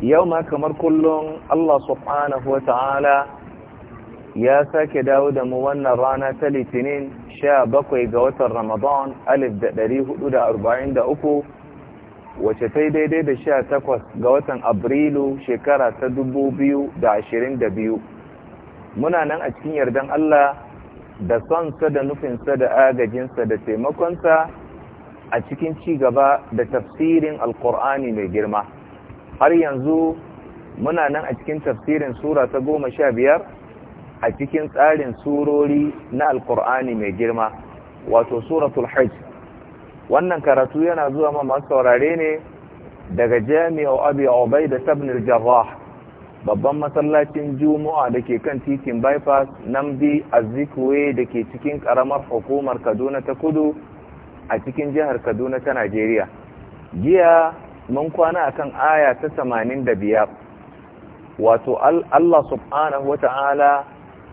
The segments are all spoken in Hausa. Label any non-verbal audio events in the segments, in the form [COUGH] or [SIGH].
yau ma kamar kullum Allah subhanahu wata'ala ya sake dawo da mu wannan rana ta litinin sha bakwai ga watan ramadan alif da ɗari hudu da arba'in da uku wace ta daidai da sha takwas ga watan abrilu shekara ta dubu biyu da ashirin da biyu muna nan a cikin yardan Allah da sonsa da nufinsa da agajinsa da taimakonsa a cikin ci gaba da tafsirin alkur'ani mai girma har yanzu muna nan a cikin tafsirin sura ta goma sha biyar a cikin tsarin surori na alkur'ani mai girma wato suratul hajj wannan karatu yana zuwa ma masu saurare ne daga jami'a abu obai da sabnir jarrah babban masallacin juma'a da ke kan titin bypass namdi azikwe da ke cikin karamar hukumar kaduna ta kudu a cikin jihar kaduna ta najeriya jiya mun kwana akan aya ta da 85 wato Allah subhanahu Ta'ala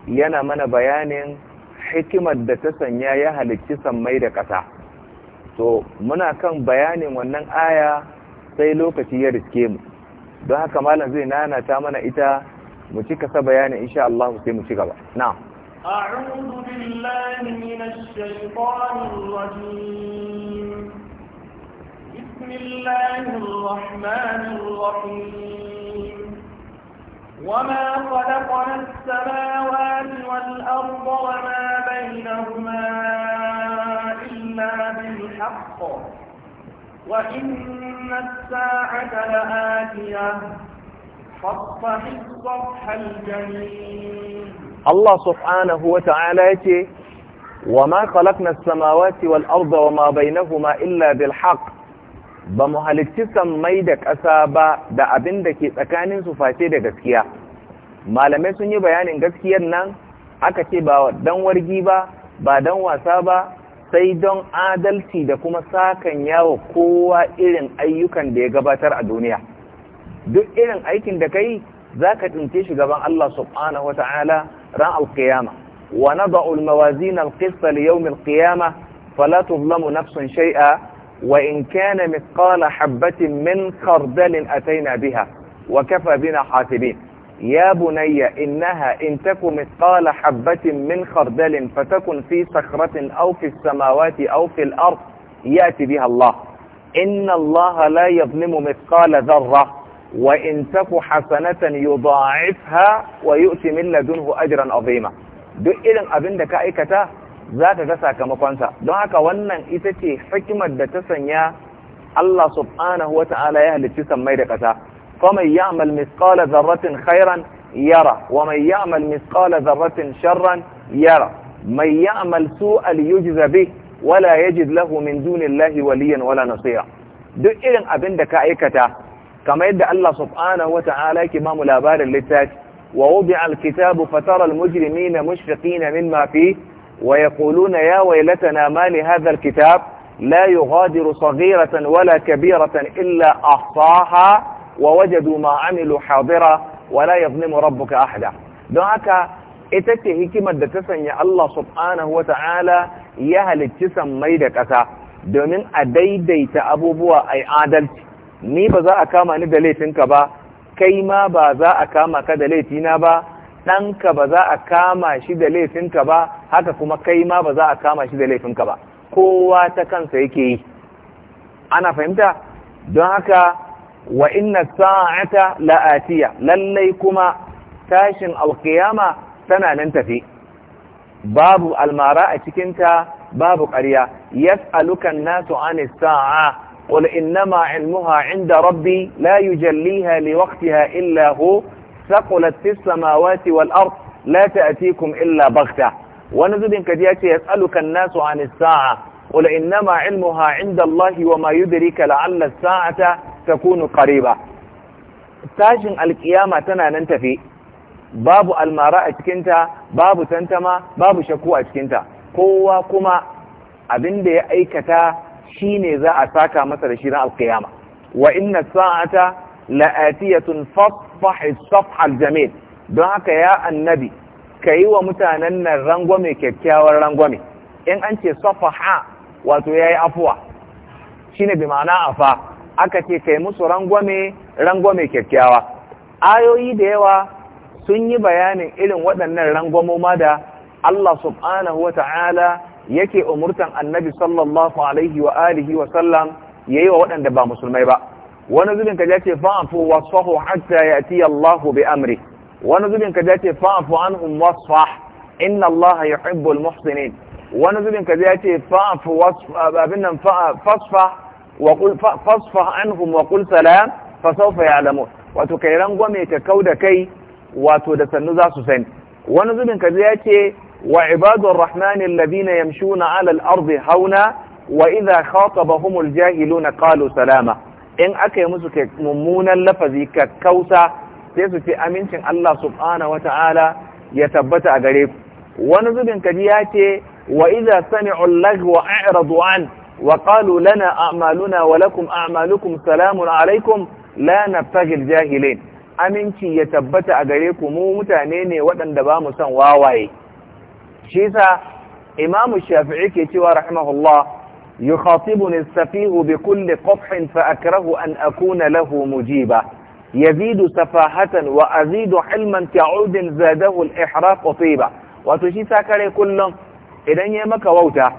yana mana bayanin hikimar da ta sanya ya halicci sammai da ƙasa to muna kan bayanin wannan aya sai lokaci ya riske mu don haka malam zai nanata mana ita mu cika sa bayanin insha Allah sai mu ci gaba na أعوذ بالله من الشيطان الرجيم بسم الله الرحمن الرحيم وما خلقنا السماوات والأرض وما بينهما إلا بالحق وإن الساعة لآتية فاصفح الصفح الجميل الله سبحانه وتعالى وما خلقنا السماوات والأرض وما بينهما إلا بالحق ba mu halicci sammai da ƙasa ba da abin da ke tsakanin su face da gaskiya malamai sun yi bayanin gaskiyar nan aka ce ba dan wargi ba ba dan wasa ba sai don adalci da kuma sakan yawo kowa irin ayyukan da ya gabatar a duniya duk irin aikin da kai za ka tsince shi gaban Allah subhanahu wa ta'ala ran alkiyama wa nada'u almawazin alqista li alqiyama fala tuzlamu nafsun وإن كان مثقال حبة من خردل أتينا بها وكفى بنا حاسبين يا بني إنها إن تك مثقال حبة من خردل فتكن في صخرة أو في السماوات أو في الأرض يأتي بها الله إن الله لا يظلم مثقال ذرة وإن تك حسنة يضاعفها ويؤتي من لدنه أجرا عظيما دو irin أبندك da ka za ka ga sakamakonsa don haka wannan ita ce hikimar da ta sanya Allah subhanahu wa ta'ala ya halicci sammai da ƙasa kuma ya'mal misqala zarratin khairan yara wa mai ya'mal misqala zarratin sharran yara mai ya'mal su'al yujza bih wala yajid lahu min dunillahi waliyan wala nasira duk irin abin da ka aikata kamar yadda Allah subhanahu wa ta'ala yake mamu labarin littafi wa wubi'a alkitabu fatara almujrimina mushfiqina mimma fihi ويقولون يا ويلتنا ما لهذا الكتاب لا يغادر صغيرة ولا كبيرة إلا أحصاها ووجدوا ما عملوا حاضرا ولا يظلم ربك أحدا دعاك إتكي هكما دتسن يا الله سبحانه وتعالى يهل الجسم ميدك أسا دومن أديدي أبو بوا أي عادل ني بزا أكاما ندليتنك با كيما بزا أكاما كدليتنا با ɗanka ba za a kama shi da laifinka ba haka kuma kai ma ba za a kama shi da laifinka ba kowa ta kansa yake yi ana fahimta don haka wa inna sa'ata la'atiya lallai kuma tashin alkiyama tana nan tafi babu almara a cikinta babu ƙarya yas'alukan nasu an sa'a قل إنما inda عند layu لا يجليها لوقتها إلا هو saqulat fis samawati wal ard la ta'tikum illa baghta wani zubin kaji yace yas'aluka an-nasu an as-sa'a qul innama 'ilmuha 'inda Allah wa ma yudrika la'alla as-sa'ata takunu qariba tashin alkiyama tana nan tafi babu almara a cikinta babu tantama babu shakku a cikinta kowa kuma abin da ya aikata shine za a saka masa da shi ran alkiyama wa inna sa'ata la'atiyatun fat fasfahi safhal jamil don haka ya annabi ka yi wa mutanen nan rangwame kyakkyawar rangwame in an ce safaha wato ya yi afuwa shi ne bi ma'ana afa aka ce ka yi musu rangwame rangwame kyakkyawa ayoyi da yawa sun yi bayanin irin waɗannan rangwamoma da Allah subhanahu wa ta'ala yake umurtan annabi sallallahu alaihi wa alihi wa sallam ya yi wa waɗanda ba musulmai ba wani zubin ka jace fa'afu wasfahu hatta ya'ti Allah bi amri wani zubin ka jace fa'afu anhum wasfah inna Allah yuhibbu al muhsinin wani zubin ka jace fa'afu abin nan fasfah wa qul fasfah anhum wa qul salam fa sawfa ya'lamun wato kai rangwame ka kauda kai wato da sannu za su sani wani zubin ka jace wa ibadur rahmani alladhina yamshuna 'ala al-ardi hauna wa idha khatabahum al jahiluna qalu salama in aka yi musu mummunan lafazi ka kausa sai su ce amincin Allah subhanahu wata'ala ya tabbata a gare ku wani zubin kaji ya ce wa idza sami'u lagwa a'radu an wa qalu lana a'maluna wa lakum a'malukum salamun alaikum la nabtagil jahilin aminci ya tabbata a gare ku mu mutane ne waɗanda ba mu son wawaye shi yasa imamu shafi'i ke cewa rahimahullah يخاطبني السفيه بكل قفح فأكره أن أكون له مجيبا يزيد سفاهة وأزيد حلما كعود زاده الإحراق طيبا وتشي ساكري كل إذن يمك ووتا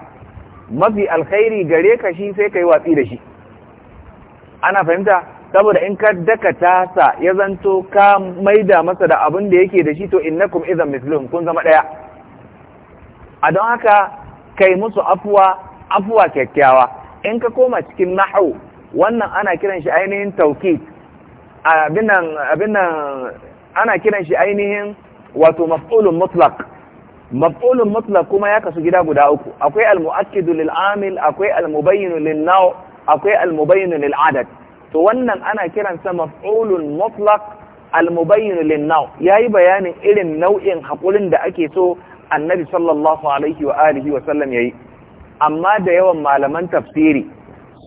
ما في الخير جريك شي سيكي وفيد شي أنا فهمت saboda إن كدك تاسا tasa كام ميدا ka أبن masa da abin da yake da shi to innakum idan mislum afuwa kyakkyawa in ka koma cikin nahu wannan ana kiran shi ainihin taukid abin nan ana kiran shi ainihin wato maf'ulun mutlaq maf'ulun mutlaq kuma ya kasu gida guda uku akwai al-mu'akkidu lil amil akwai al-mubayyinu lin naw akwai al-mubayyinu lil adad to wannan ana kiransa maf'ulun mutlaq al-mubayyinu lin naw yayi bayanin irin nau'in hakurin da ake so annabi sallallahu alaihi wa alihi wa sallam yayi amma da yawan malaman tafsiri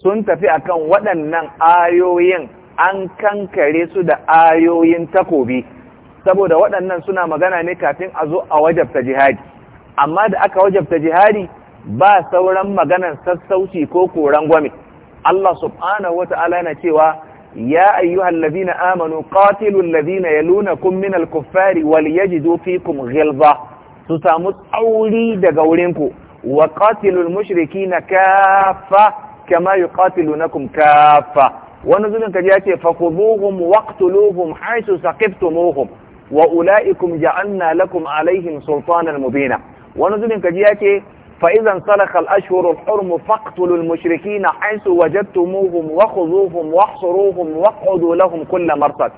sun tafi akan waɗannan ayoyin an kankare su da ayoyin takobi saboda waɗannan suna magana ne kafin a zo a wajabta jihadi amma da aka wajabta jihadi ba sauran maganan sassauci ko koran gwami. Allah subhanahu wa ta'ala yana cewa ya ayyuhal ladina amanu qatilul ladina yalunakum min al-kuffari wal yajidu fikum ghilza su samu tsauri daga wurinku wa qatilul mushrikina kaffa kama yuqatilunakum kaffa wani zulun kaji ya ce fakhuduhum waqtuluhum haythu saqiftumuhum wa ulaikum ja'alna lakum alaihim sultanan mubina wani zulun kaji ya ce فإذا انسلخ الأشهر الحرم فاقتلوا المشركين حيث وجدتموهم وخذوهم واحصروهم واقعدوا لهم كل مرصد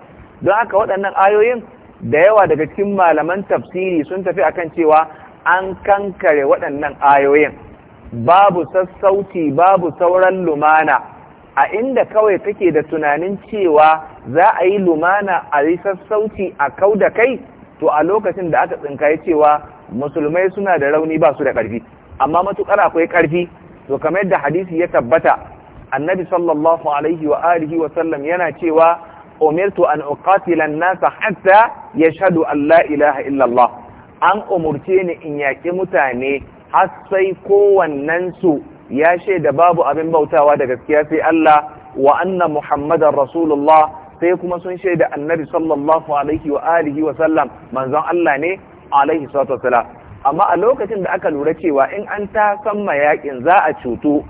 don haka waɗannan ayoyin da yawa daga cikin malaman tafsiri sun tafi akan cewa an kankare waɗannan ayoyin babu sassauci babu sauran lumana a inda kawai take da tunanin cewa za a yi lumana a yi sassauci a kau da kai to a lokacin da aka tsinkaye cewa musulmai suna da rauni ba su da ƙarfi amma matuƙar akwai ƙarfi to kamar yadda hadisi ya tabbata annabi sallallahu alaihi wa alihi wa sallam yana cewa umirtu an uqatila an-nasa hatta yashhadu an la ilaha illallah an umurce ni in yaƙi mutane har sai kowannensu ya shaida babu abin bautawa da gaskiya sai Allah wa anna muhammadan rasulullah sai kuma sun shaida annabi sallallahu alaihi wa alihi wa sallam manzon Allah ne alaihi salatu wasalam amma a lokacin da aka lura cewa in an ta san yaƙin za a cutu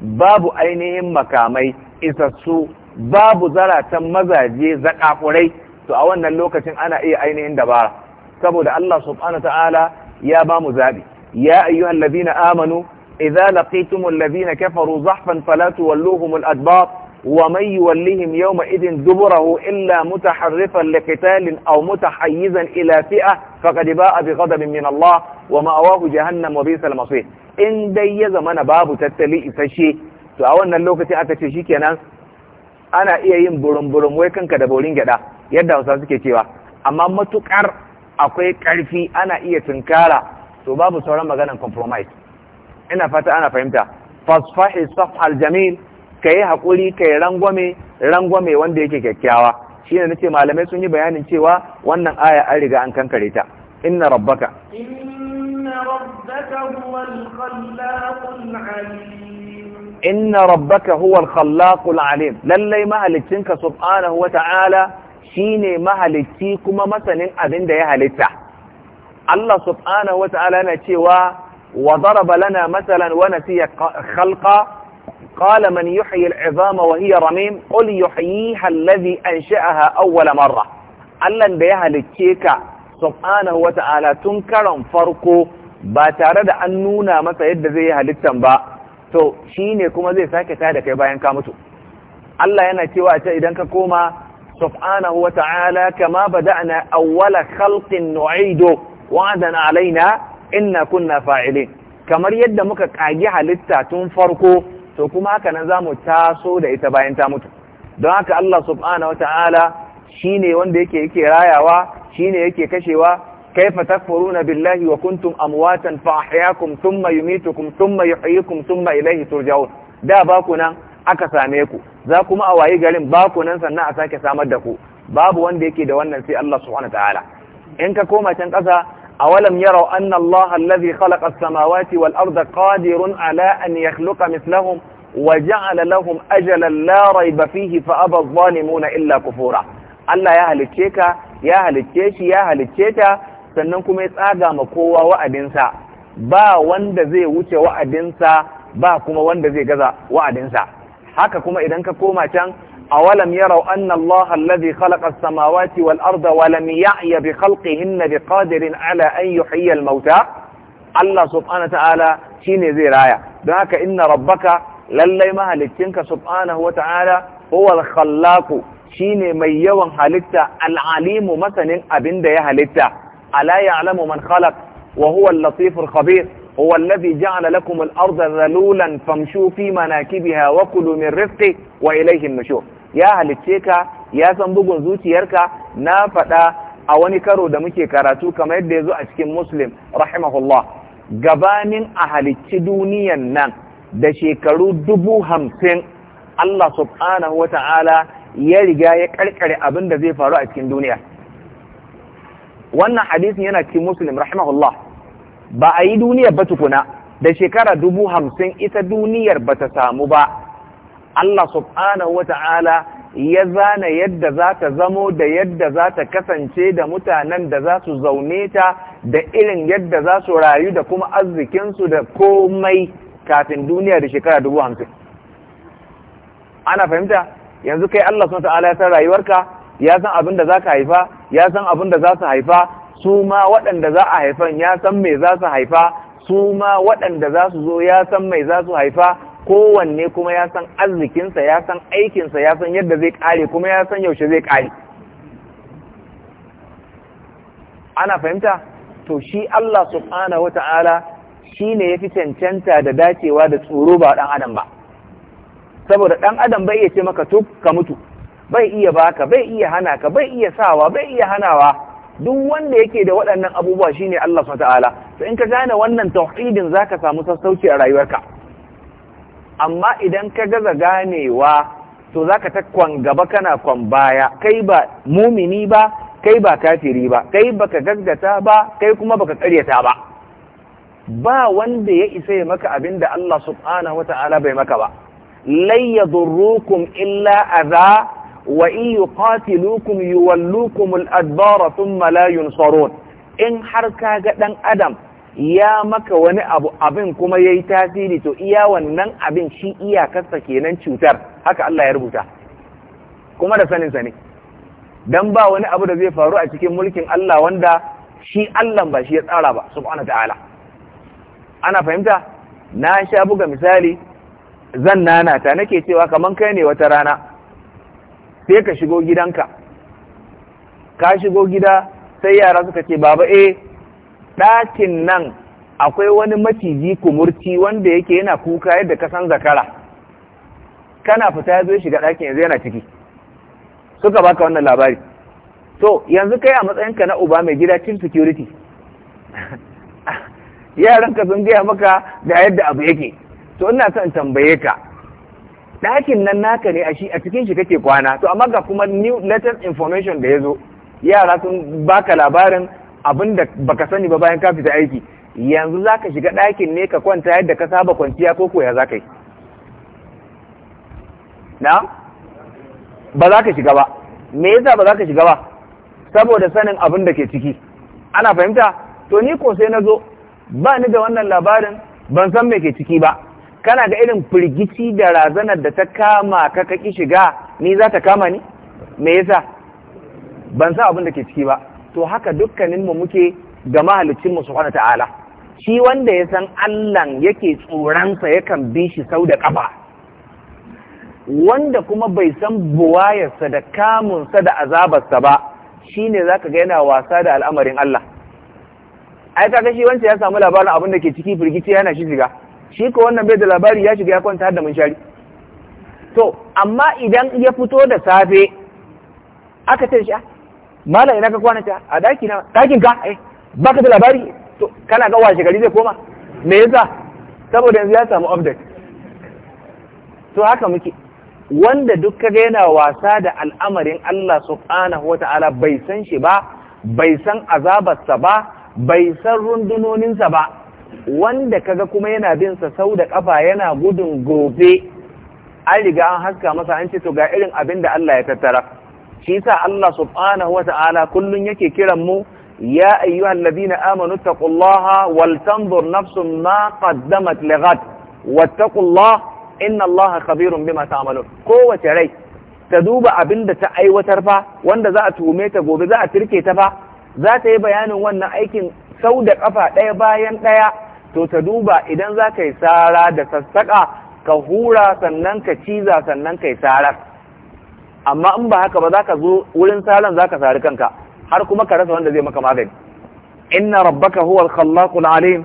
babu ainihin makamai isassu babu zaratan mazaje zaƙaƙurai, to a wannan lokacin ana iya ainihin dabara saboda Allah subhanahu wa ta'ala ya ba mu zabi ya ayyuhal ladina amanu idza laqitumul ladina kafaru zahfan fala tuwalluhumul adbar wa man yuwallihim yawma idin duburahu illa mutaharrifan liqitalin aw mutahayyizan ila fi'a faqad ba'a bighadabin min Allah wa ma'awahu jahannam wa bisal masir in dai ya zamana babu tattali isashe to a wannan lokaci aka ce shikenan ana iya yin burum burum wai kanka da borin gyada yadda Hausa suke cewa amma matukar akwai ƙarfi ana iya tunkara to babu sauran maganan compromise ina fata ana fahimta fasfahi safhal jamil kai hakuri kai rangwame rangwame wanda yake kyakkyawa shine nace malamai sun yi bayanin cewa wannan aya an riga an kankare ta inna rabbaka inna rabbaka huwal khallaqul alim inna rabbaka huwal khallaqul alim lallai mahaliccinka subhanahu ta'ala shine mahalicci kuma masanin abin da ya halitta Allah subhanahu ta'ala na cewa wa daraba lana masalan wa nasiya khalqa qala man yuhyi al'izama wa hiya ramim qul yuhyiha alladhi ansha'aha awwal marra Allah da ya halicce ka subhanahu ta'ala tun karon farko ba tare da an nuna masa yadda zai yi halittan ba to shi ne kuma zai sake da kai bayan ka mutu Allah yana cewa ta idan ka koma subhanahu wa ta'ala auwala bada'na awwala khalqin nu'idu wa'adan alaina inna kunna fa'ilin kamar yadda muka kage halitta tun farko to kuma haka nan zamu taso da ita bayan ta mutu don haka Allah subhanahu wa ta'ala shine wanda yake yake rayawa shine yake kashewa kaifa takfuruna billahi wa a muwatan fa ahyaakum thumma yumitukum thumma yuhyikum thumma ilayhi da ba ku nan aka same ku za kuma a wayi garin ba ku nan sannan a sake samar da ku babu wanda yake da wannan sai Allah subhanahu ta'ala in ka koma can ƙasa walam yarau anna Allah allazi khalaqa as-samawati wal arda qadirun ala an yakhluqa mithlahum wa ja'ala lahum ajalan la rayba fihi fa aba adh-dhalimuna illa kufura Allah ya halicce ka ya halicce shi ya halicce ta sannan kuma ya tsaga ma kowa wa'adinsa ba wanda zai wuce wa'adinsa ba kuma wanda zai gaza wa'adinsa haka kuma idan ka koma can awalam yarau anna allaha alladhi khalaqa samawati wal arda wa lam ya'ya bi khalqihinna bi qadirin ala an yuhyiya al-mauta Allah subhanahu wa ta'ala shine zai raya don haka inna rabbaka lallai mahalicinka subhanahu wa ta'ala huwa al-khallaqu shine mai yawan halitta al-alimu masanin abinda ya halitta ala ya'lamu man khalaq wa huwa al-latiful khabir هو الذي جعل لكم الأرض ذلولا فامشوا في مناكبها وكلوا من رزقه وإليه النشور يا أهل a يا karo زوتي يركا نافتا أواني كارو دمكي كاراتو كما يدي زوأتك مسلم رحمه الله a halicci duniyan nan da shekaru dubu hamsin Allah subhanahu wa ta'ala ya riga ya karkare abin da zai faru a cikin duniya wannan hadisin yana cikin muslim rahimahullah ba a yi duniyar ba tukuna da shekara dubu hamsin ita duniyar ba ta samu ba Allah subhanahu wa ta'ala ya zana yadda za ta zamo da yadda za ta kasance da mutanen da za su zaune ta da irin yadda za su rayu da kuma arzikinsu da komai kafin duniya da shekara dubu hamsin ana fahimta yanzu kai Allah subhanahu ta'ala ya san rayuwarka ya san abin da za ka haifa ya san abin da za su haifa su ma waɗanda za a haifan ya san mai za su haifa su ma waɗanda za su zo ya san mai za su haifa kowanne kuma ya san arzikinsa ya san aikinsa ya san yadda zai ƙare kuma ya san yaushe zai ƙare ana fahimta to shi Allah subhanahu wata'ala shi ne ya fi cancanta da dacewa da tsoro ba ɗan adam ba saboda ɗan adam bai iya ce maka to ka mutu bai iya baka bai iya hana ka bai iya sawa bai iya hanawa duk wanda yake da waɗannan abubuwa shine Allah subhanahu ta'ala to in ka gane wannan tauhidin ka samu sassauci a rayuwarka amma idan ka gaza ganewa to zaka ta kwan gaba kana kwan baya kai ba mumini ba kai ba kafiri ba kai baka gaggata ba kai kuma baka karyata ba ba wanda ya isa ya maka abin da Allah subhanahu ta'ala bai maka ba lai yadurrukum illa adha wa in yuqatilukum yuwallukum al-adbara thumma la yunsarun in har ka ga dan adam ya maka wani abu abin kuma yayi tasiri to iya wannan abin shi iya kasa kenan cutar haka Allah ya rubuta kuma da sanin sa ne dan ba wani abu da zai faru a cikin mulkin Allah wanda shi Allah ba shi ya tsara ba subhanahu ta'ala ana fahimta na sha buga misali zan nana ta nake cewa kaman kai ne wata rana sai ka shigo gidanka ka shigo gida sai yara suka ce baba eh ɗakin nan akwai wani maciji kumurci wanda yake yana kuka yadda ka san zakara kana fita ya zo shiga ɗakin yanzu yana ciki suka baka wannan labari to yanzu kai a matsayinka na uba mai gida cin security [LAUGHS] yaranka sun gaya maka da yadda abu yake to ina son tambaye ka ɗakin nan naka ne a shi a cikin shi kake kwana to amma ga kuma new latest information da ya zo yara sun baka labarin abin da baka sani ba bayan ka fita aiki yanzu za ka shiga ɗakin ne ka kwanta yadda ka saba kwanciya ko koya za ka yi na ba za ka shiga ba me yasa ba za ka shiga ba saboda sanin abin da ke ciki ana fahimta to ni ko sai na zo ba ni da wannan labarin ban san me ke ciki ba kana ga irin firgici da razanar da ta kama ka kaki shiga ni za ta kama ni me yasa ban sa abin da ke ciki ba to haka dukkanin mu muke ga mahalicin mu subhanahu ta'ala shi wanda ya san Allah yake tsoransa yakan bi shi sau da kafa wanda kuma bai san sa da kamunsa da azabarsa ba shine zaka ga yana wasa da al'amarin Allah ai kaga shi wanda ya samu labarin abin da ke ciki firgici yana shi shiga shi ko wannan bai da labari ya shiga ya kwanta har da munshari to amma idan ya fito da safe aka ce shi ah, mala ina ka kwana a daki na dakin ka eh baka da labari to kana ga washe gari zai koma me yasa saboda yanzu ya samu update to haka muke wanda duk kaga yana wasa da al'amarin Allah subhanahu wata'ala bai san shi ba bai san azabarsa ba bai san rundunoninsa ba wanda kaga kuma yana bin sa sau da kafa yana gudun gobe an riga an haska masa an ce to ga irin abin da Allah ya tattara shi yasa Allah subhanahu wa kullun yake kiran mu ya ayyuhal ladina amanu taqullaha wal tanzur nafsun ma qaddamat lighat wattaqullaha inna Allaha khabirun bima ta'malun kowace rai ta duba abin da ta aiwatar fa wanda za a tuhume ta gobe za a tirke ta fa za ta yi bayanin wannan aikin sau da kafa ɗaya bayan ɗaya to ta duba idan za ka yi sara da sassaƙa ka hura sannan ka ciza sannan ka yi sarar amma in ba haka ba za ka zo wurin saran za ka sari kanka har kuma ka rasa wanda zai maka magani inna rabbaka al khallaqul alim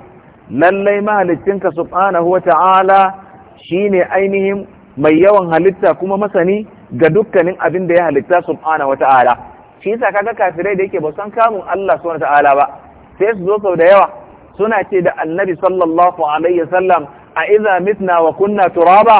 lallai mahaliccinka subhanahu wa ta'ala shine ainihin mai yawan halitta kuma masani ga dukkanin abin da ya halitta subhanahu wa ta'ala shi yasa kaga kafirai da yake ba san kamun Allah subhanahu wa ta'ala ba sai su zo sau da yawa suna ce da annabi sallallahu alaihi sallam a iza mitna wa kunna turaba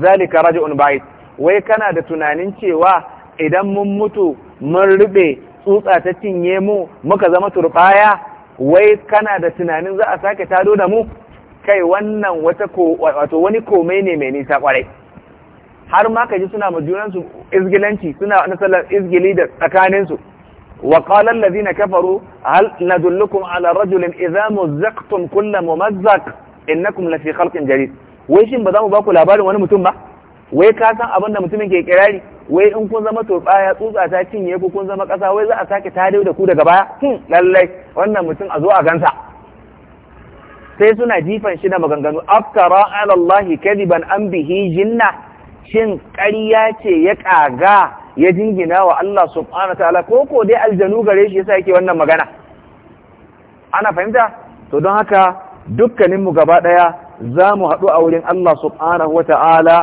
zalika raj'un ba'id wai kana da tunanin cewa idan mun mutu mun rube tsutsa ta cinye mu muka zama turbaya wai kana da tunanin za a sake tado da mu kai wannan wata ko wato wani komai ne mai nisa kwarai har ma ka ji suna ma junansu izgilanci suna na sallar izgili da tsakaninsu وقال الذين كفروا هل ندلكم على رجل إذا مزقتم كل ممزق إنكم لفي خلق جديد ويشين بذا ku labarin وانا mutum ba? wai ka san abin da mutumin ke kirari wai in kun zama turbaya tsutsa ta cinye ku kun zama ƙasa wai za a sake tare da ku daga baya hmm lallai wannan mutum a zo a gansa sai suna jifan shi da maganganu aftara ala Allah kadiban an bihi jinna shin ƙarya ce ya ƙaga ya jingina wa Allah subhanahu ta'ala ko ko dai aljanu gare shi yasa yake wannan magana ana fahimta to don haka dukkanin mu gaba daya zamu haɗu a wurin Allah subhanahu ta'ala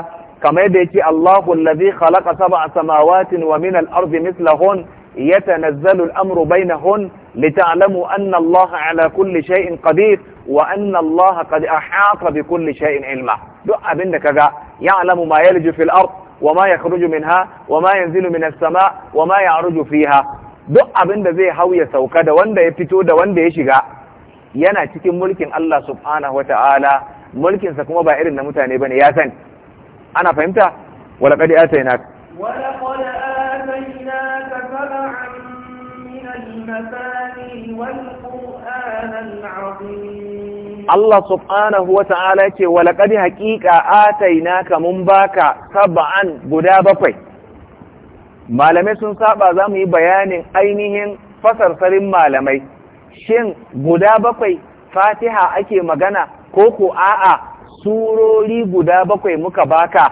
kamar yadda yake Allahu allazi khalaqa sab'a samawatin wa min al-ardi mithlahun يتنزل الأمر بينهن لتعلموا أن الله على كل شيء قدير وأن الله bi kulli بكل ilma. duk abinda kaga يعلم ما يلج في الأرض وما يخرج منها وما ينزل من السماء وما يعرج فيها duk abin da zai hau ya sauka da wanda ya fito da wanda ya shiga yana cikin mulkin Allah subhanahu wa ta'ala mulkinsa kuma ba irin na mutane bane ya san. ana fahimta wala qad atayna wala qad atayna ka sab'an min al-masani wal qur'an al-'azim Allah subhanahu wa ta'ala ce, walaƙadi haƙiƙa atai naka mun baka saba'an guda bakwai malamai sun saba za mu yi bayanin ainihin fasarsarin malamai shin guda bakwai fatiha ake magana ko ko a'a surori guda bakwai muka baka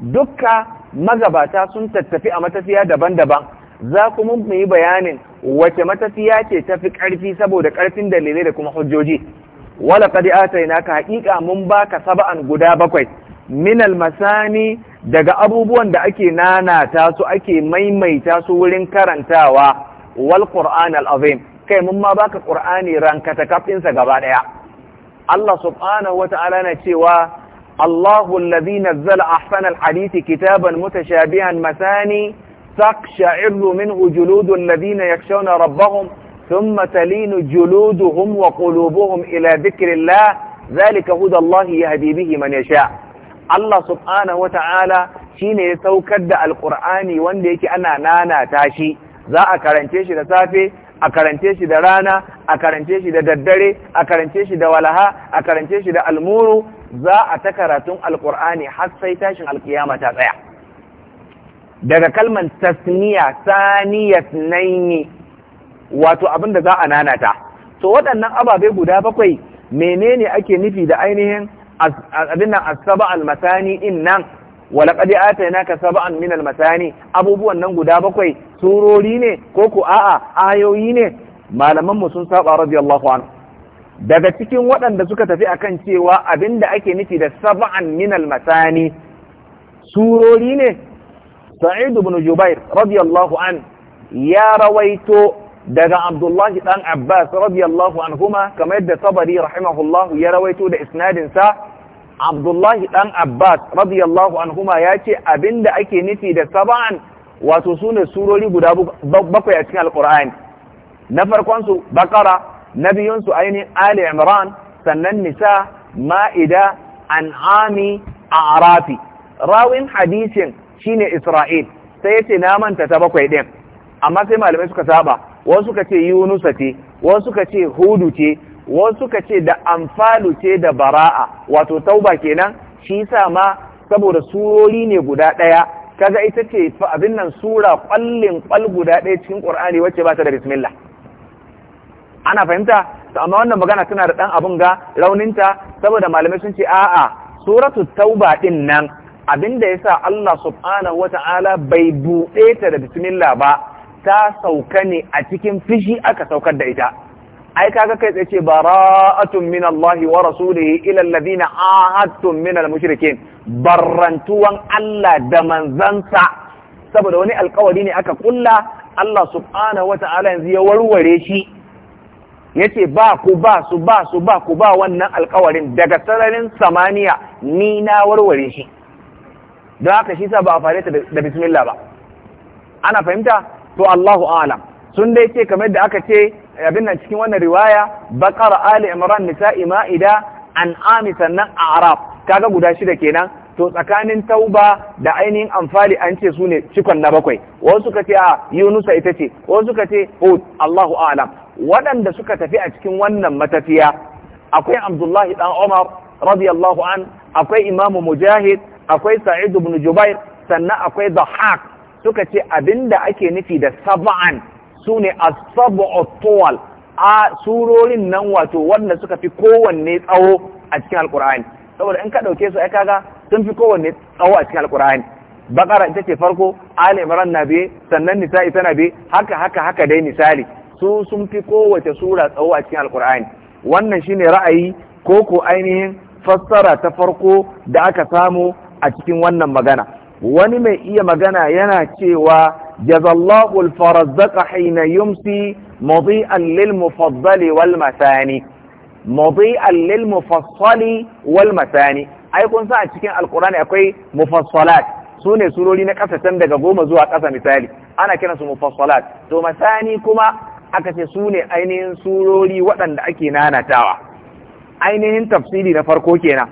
dukka magabata sun tattafi a matafiya daban-daban za kuma mu yi bayanin wace matafiya ce ta fi ƙarfi saboda ƙarfin dalilai da kuma hujjoji wala qad atainaka haqiqa mun baka saba'an guda bakwai minal masani daga abubuwan da ake nanata su ake maimaita su wurin karantawa wal qur'an al azim kai mun ma baka qur'ani rankata kafinsa gaba daya Allah subhanahu wata'ala na cewa Allahu alladhi nazzala ahsana al hadithi kitaban mutashabihan masani taqsha'irru minhu juludul ladina yakshawna rabbahum Tun تلين جلودهم وقلوبهم إلى ذكر الله ذلك هدى الله يهدي به من يشاء Allah subhanahu ta'ala shine ya saukar da alkur'ani wanda yake ana nana tashi, za'a a karance shi da safe a karance shi da rana a karance shi da daddare a karance shi da walaha a karance shi da almuru za'a ta karatun Alƙur'ani har sai tashin alkiyama ta tsaya daga kalman tasniya saniyat naini wato abin da za a nanata to waɗannan ababe guda bakwai menene ake nufi da ainihin abin nan asaba almasani din nan wala qad atainaka sab'an min almasani abubuwan nan guda bakwai surori ne ko ku a'a ayoyi ne malaman mu sun saba radiyallahu anhu daga cikin waɗanda suka tafi akan cewa abin da ake nufi da sab'an min almasani surori ne sa'id ibn jubair radiyallahu an ya rawaito daga Abdullahi Ɗan Abbas radiyallahu anhuma kamar yadda Tabari rahimahullahu ya rawaito da isnadin sa Abdullahi Ɗan Abbas radiyallahu anhuma ya ce abinda ake nufi da saba'an wato suna surori guda bakwai a cikin Alƙur'ani na farkon su na biyunsu ainihin Ali Imran sannan Nisa Ma'ida An'ami A'rafi rawin hadisin shine Isra'il sai yace na manta ta bakwai ɗin. amma sai malamai suka saba wasu suka ce yunusa ce wasu suka ce hudu ce wasu suka ce da amfalu ce da bara'a wato tauba kenan shi sa ma saboda surori ne guda ɗaya kaga ita ce abin nan sura ƙwallin ƙwal guda ɗaya cikin qur'ani wacce ba ta da bismillah ana fahimta amma wannan magana tana da ɗan abun ga rauninta saboda malamai sun ce a'a suratu tauba din nan abinda yasa Allah subhanahu wata'ala bai buɗe ta da bismillah ba ta sauka ne a cikin fishi aka saukar da ita ai kaga kai tsaye ce bara'atun min Allah wa rasulihi ila alladhina ahadtum min al barrantuwan Allah da manzansa saboda wani alkawari ne aka kulla Allah subhanahu wata'ala yanzu ya warware shi yace ba ku ba su ba su ba ku ba wannan alkawarin daga sararin samaniya ni na warware shi don haka shi sa ba a fare ta da bismillah ba ana fahimta to Allahu a'lam sun dai ce kamar da aka ce abin nan cikin wannan riwaya baqara ali imran nisa'i ma'ida an'ami sannan a'raf kaga guda shida kenan to tsakanin tauba da ainihin amfali an ce su ne cikon na bakwai wasu suka ce a yunusa ita ce wasu suka ce hud allahu alam waɗanda suka tafi a cikin wannan matafiya akwai abdullahi dan umar radiyallahu an akwai imamu mujahid akwai sa'id ibn jubair sannan akwai dhahak suka ce abinda ake nufi da saba'an su ne a sabu a surorin nan wato wanda suka fi kowanne tsawo a cikin alkur'ani saboda in ka ɗauke su ai kaga sun fi kowanne tsawo a cikin alkur'ani bakara ita ce farko ali imran na biye sannan ita na biye haka haka haka dai misali su sun fi kowace sura tsawo a cikin alkur'ani wannan shine ra'ayi ko ko ainihin fassara ta farko da aka samu a cikin wannan magana wani mai iya magana yana cewa jazallahu alfarazzaqa hina yumsi madi'an lil mufaddali wal matani lil mufassali wal ai kun sa a cikin alqur'ani akwai mufassalat sune surori na kasa can daga goma zuwa kasa misali ana kiran su mufassalat to matani kuma aka ce sune ainihin surori waɗanda ake nanatawa ainihin tafsiri na farko kenan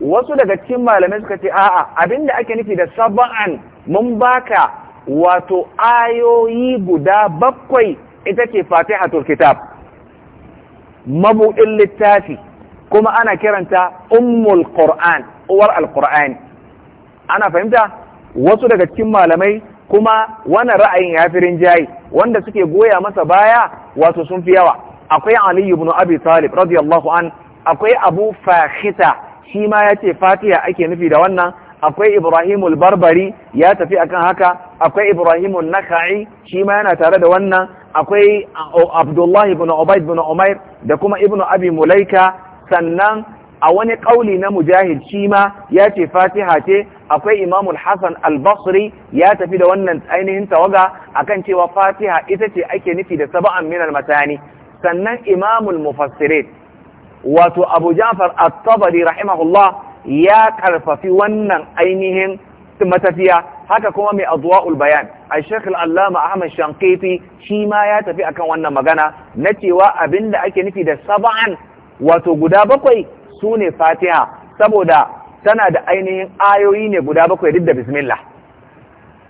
wasu daga cikin malamai suka ce a'a abinda ake nufi da sab'an mun baka wato ayoyi guda bakwai ita ce fatihatul kitab mabuɗin littafi kuma ana kiranta ummul qur'an uwar alqur'ani ana fahimta wasu daga cikin malamai kuma wannan ra'ayin ya fi rinjaye wanda suke goya masa baya wato sun fi yawa akwai ali ibn abi talib radiyallahu an akwai abu fahita shi ma ya ce fatiha ake nufi da wannan akwai ibrahimul barbari ya tafi akan haka akwai ibrahimul naka'i shi ma yana tare da wannan akwai uh, abdullahi ibn ubaid ibn umair da kuma ibn abi mulaika sannan a wani kauli na mujahid shi ma ya ce fatiha ce akwai imamul hassan al-basri ya tafi da wannan ainihin tawaga akan cewa fatiha ita ce ake nufi da saba'an minal matani sannan imamul mufassirin wato abu jafar at-tabari rahimahullah ya karfafi wannan ainihin matafiya haka kuma mai adwa'ul bayan a shekul allama ahmad shankiti shi ma ya tafi akan wannan magana na cewa abinda ake nufi da saba'an wato guda bakwai su ne fatiha saboda tana da ainihin ayoyi ne guda bakwai duk da bismillah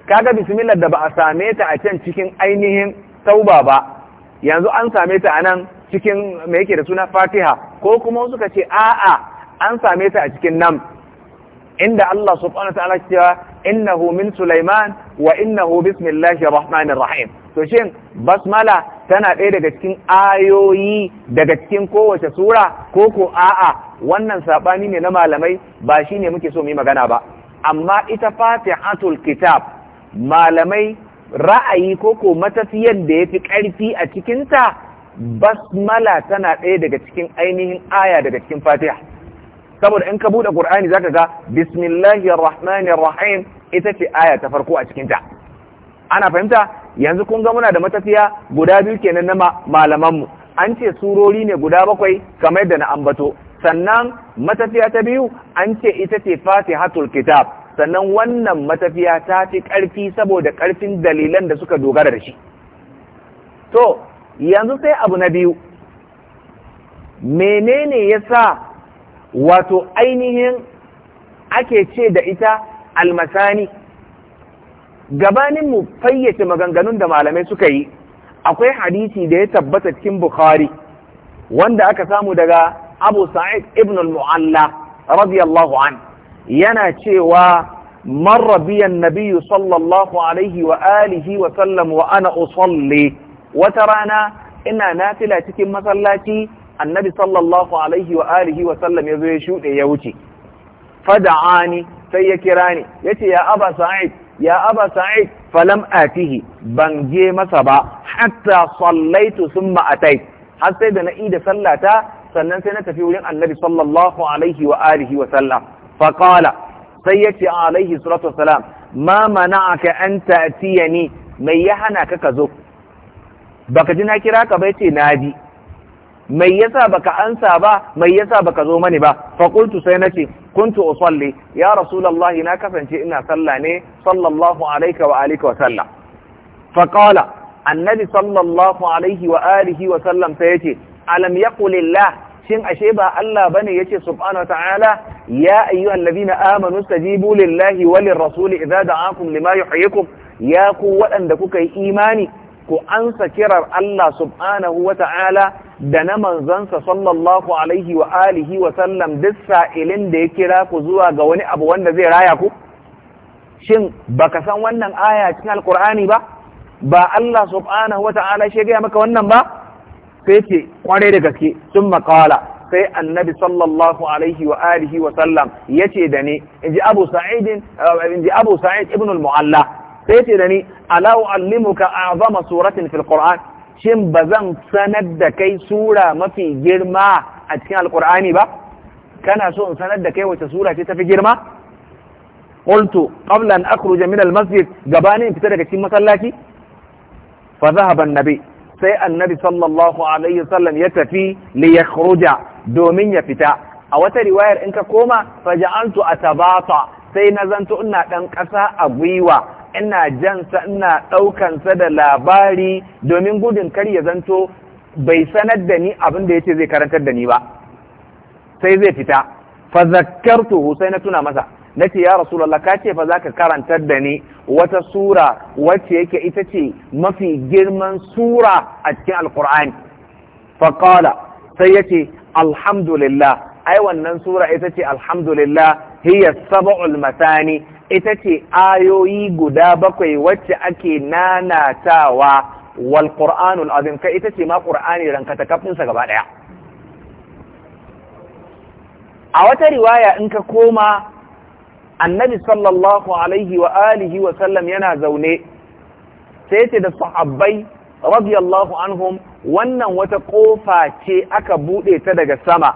kaga bismillah da ba a same ta a can cikin ainihin tauba ba yanzu an same ta a nan cikin me yake da suna fatiha ko kuma suka ce a'a an same ta a cikin nan inda Allah subhanahu ta'ala cewa innahu min Sulaiman wa innahu bismillahir rahmanir rahim to shin basmala tana ɗaya daga cikin ayoyi daga cikin kowace sura ko ko a'a wannan saɓani ne na malamai ba shi ne muke so mu magana ba amma ita fatihatul kitab malamai ra'ayi ko ko matafiyan da ya fi ƙarfi a cikinta basmala tana ɗaya daga cikin ainihin aya daga cikin fatiha saboda in ka buɗe ƙur'ani zaka ga bismillahir rahmanir rahim ita ce aya ta farko a cikinta ana fahimta yanzu kun ga muna da matafiya guda biyu kenan na malamanmu an ce surori ne guda bakwai kamar da na ambato sannan matafiya ta biyu an ce ita ce fatihatul kitab sannan wannan matafiya ta fi ƙarfi saboda ƙarfin dalilan da suka dogara da shi to yanzu sai abu na biyu menene ya sa wato ainihin ake ce da ita almasani gabanin mu fayyace maganganun da malamai suka yi akwai hadisi da ya tabbata cikin bukhari wanda aka samu daga abu sa'id ibn al-mu'alla radiyallahu anhu yana cewa marrabiyan nabiyyu sallallahu alaihi wa alihi wa sallam wa ana usalli wata rana ina nafila cikin masallaci annabi sallallahu alaihi wa alihi wa sallam ya zo ya shuɗe ya wuce fada'ani sai ya kira ni yace ya aba sa'id ya aba sa'id falam atihi ban je masa ba hatta sallaitu summa atai har sai da na da sallata sannan sai na tafi wurin annabi sallallahu alaihi wa alihi wa sallam faƙala sai ya ce a alaihi salatu wasalam ma mana'aka an ta'tiyani mai ya hana ka ka zo baka ji na kira ka bai ce na ji mai yasa baka ansa ba mai yasa baka zo mani ba fa qultu sai ce, kuntu usalli ya rasulullah na kasance ina sallah ne sallallahu alaihi wa alihi wa sallam Faƙala, annabi sallallahu alaihi wa alihi wa sallam sai yace alam yaqulillah shin ashe ba Allah bane yace subhanahu ta'ala ya ayyuhal na amanu stajibu lillahi walir rasuli idza da'akum lima yuhyikum ya ku waɗanda kuka yi imani ku ansa kirar Allah subhanahu wa ta'ala da na manzansa sallallahu alaihi wa alihi wa sallam duk sa'ilin da ya kira ku zuwa ga wani abu wanda zai raya ku shin baka san wannan aya cikin alqur'ani ba ba Allah subhanahu wa ta'ala shi ya maka wannan ba sai ce kwarai da gaske sun makala sai annabi sallallahu alaihi wa alihi wa sallam yace da ni inji abu sa'id eh, inji abu sa'id ibn al-mu'alla sai da ni ala uallimuka a'zama suratin fil qur'an shin bazan sanar da kai sura mafi girma a cikin alqur'ani ba kana so in sanar da kai wace sura ce tafi girma qultu qabla an akhruja min al-masjid in fita daga cikin masallaci fa sai annabi sallallahu alaihi ya tafi li domin ya fita a wata riwayar in ka koma faja'antu atabata sai na zanto ina dan ƙasa a gwiwa ina jansa ina ɗaukansa da labari domin gudun kar ya zanto bai sanar da ni abin da yace zai karantar da ni ba sai zai fita fa zakkartu sai na tuna masa na ce ya rasulallah ka ce fa za ka karantar da ni wata sura wacce yake ita ce mafi girman sura a cikin alkur'ani faƙala sai ya ce alhamdulillah ai wannan sura ita ce alhamdulillah hiya sab'ul masani ita ce ayoyi guda bakwai wacce ake nanatawa wal qur'anul azim kai ita ce ma qur'ani ranka ta kafinsa gaba daya a wata riwaya in ka koma annabi sallallahu alaihi wa alihi wa sallam yana zaune sai ce da sahabbai radiyallahu anhum wannan wata kofa ce aka bude ta daga sama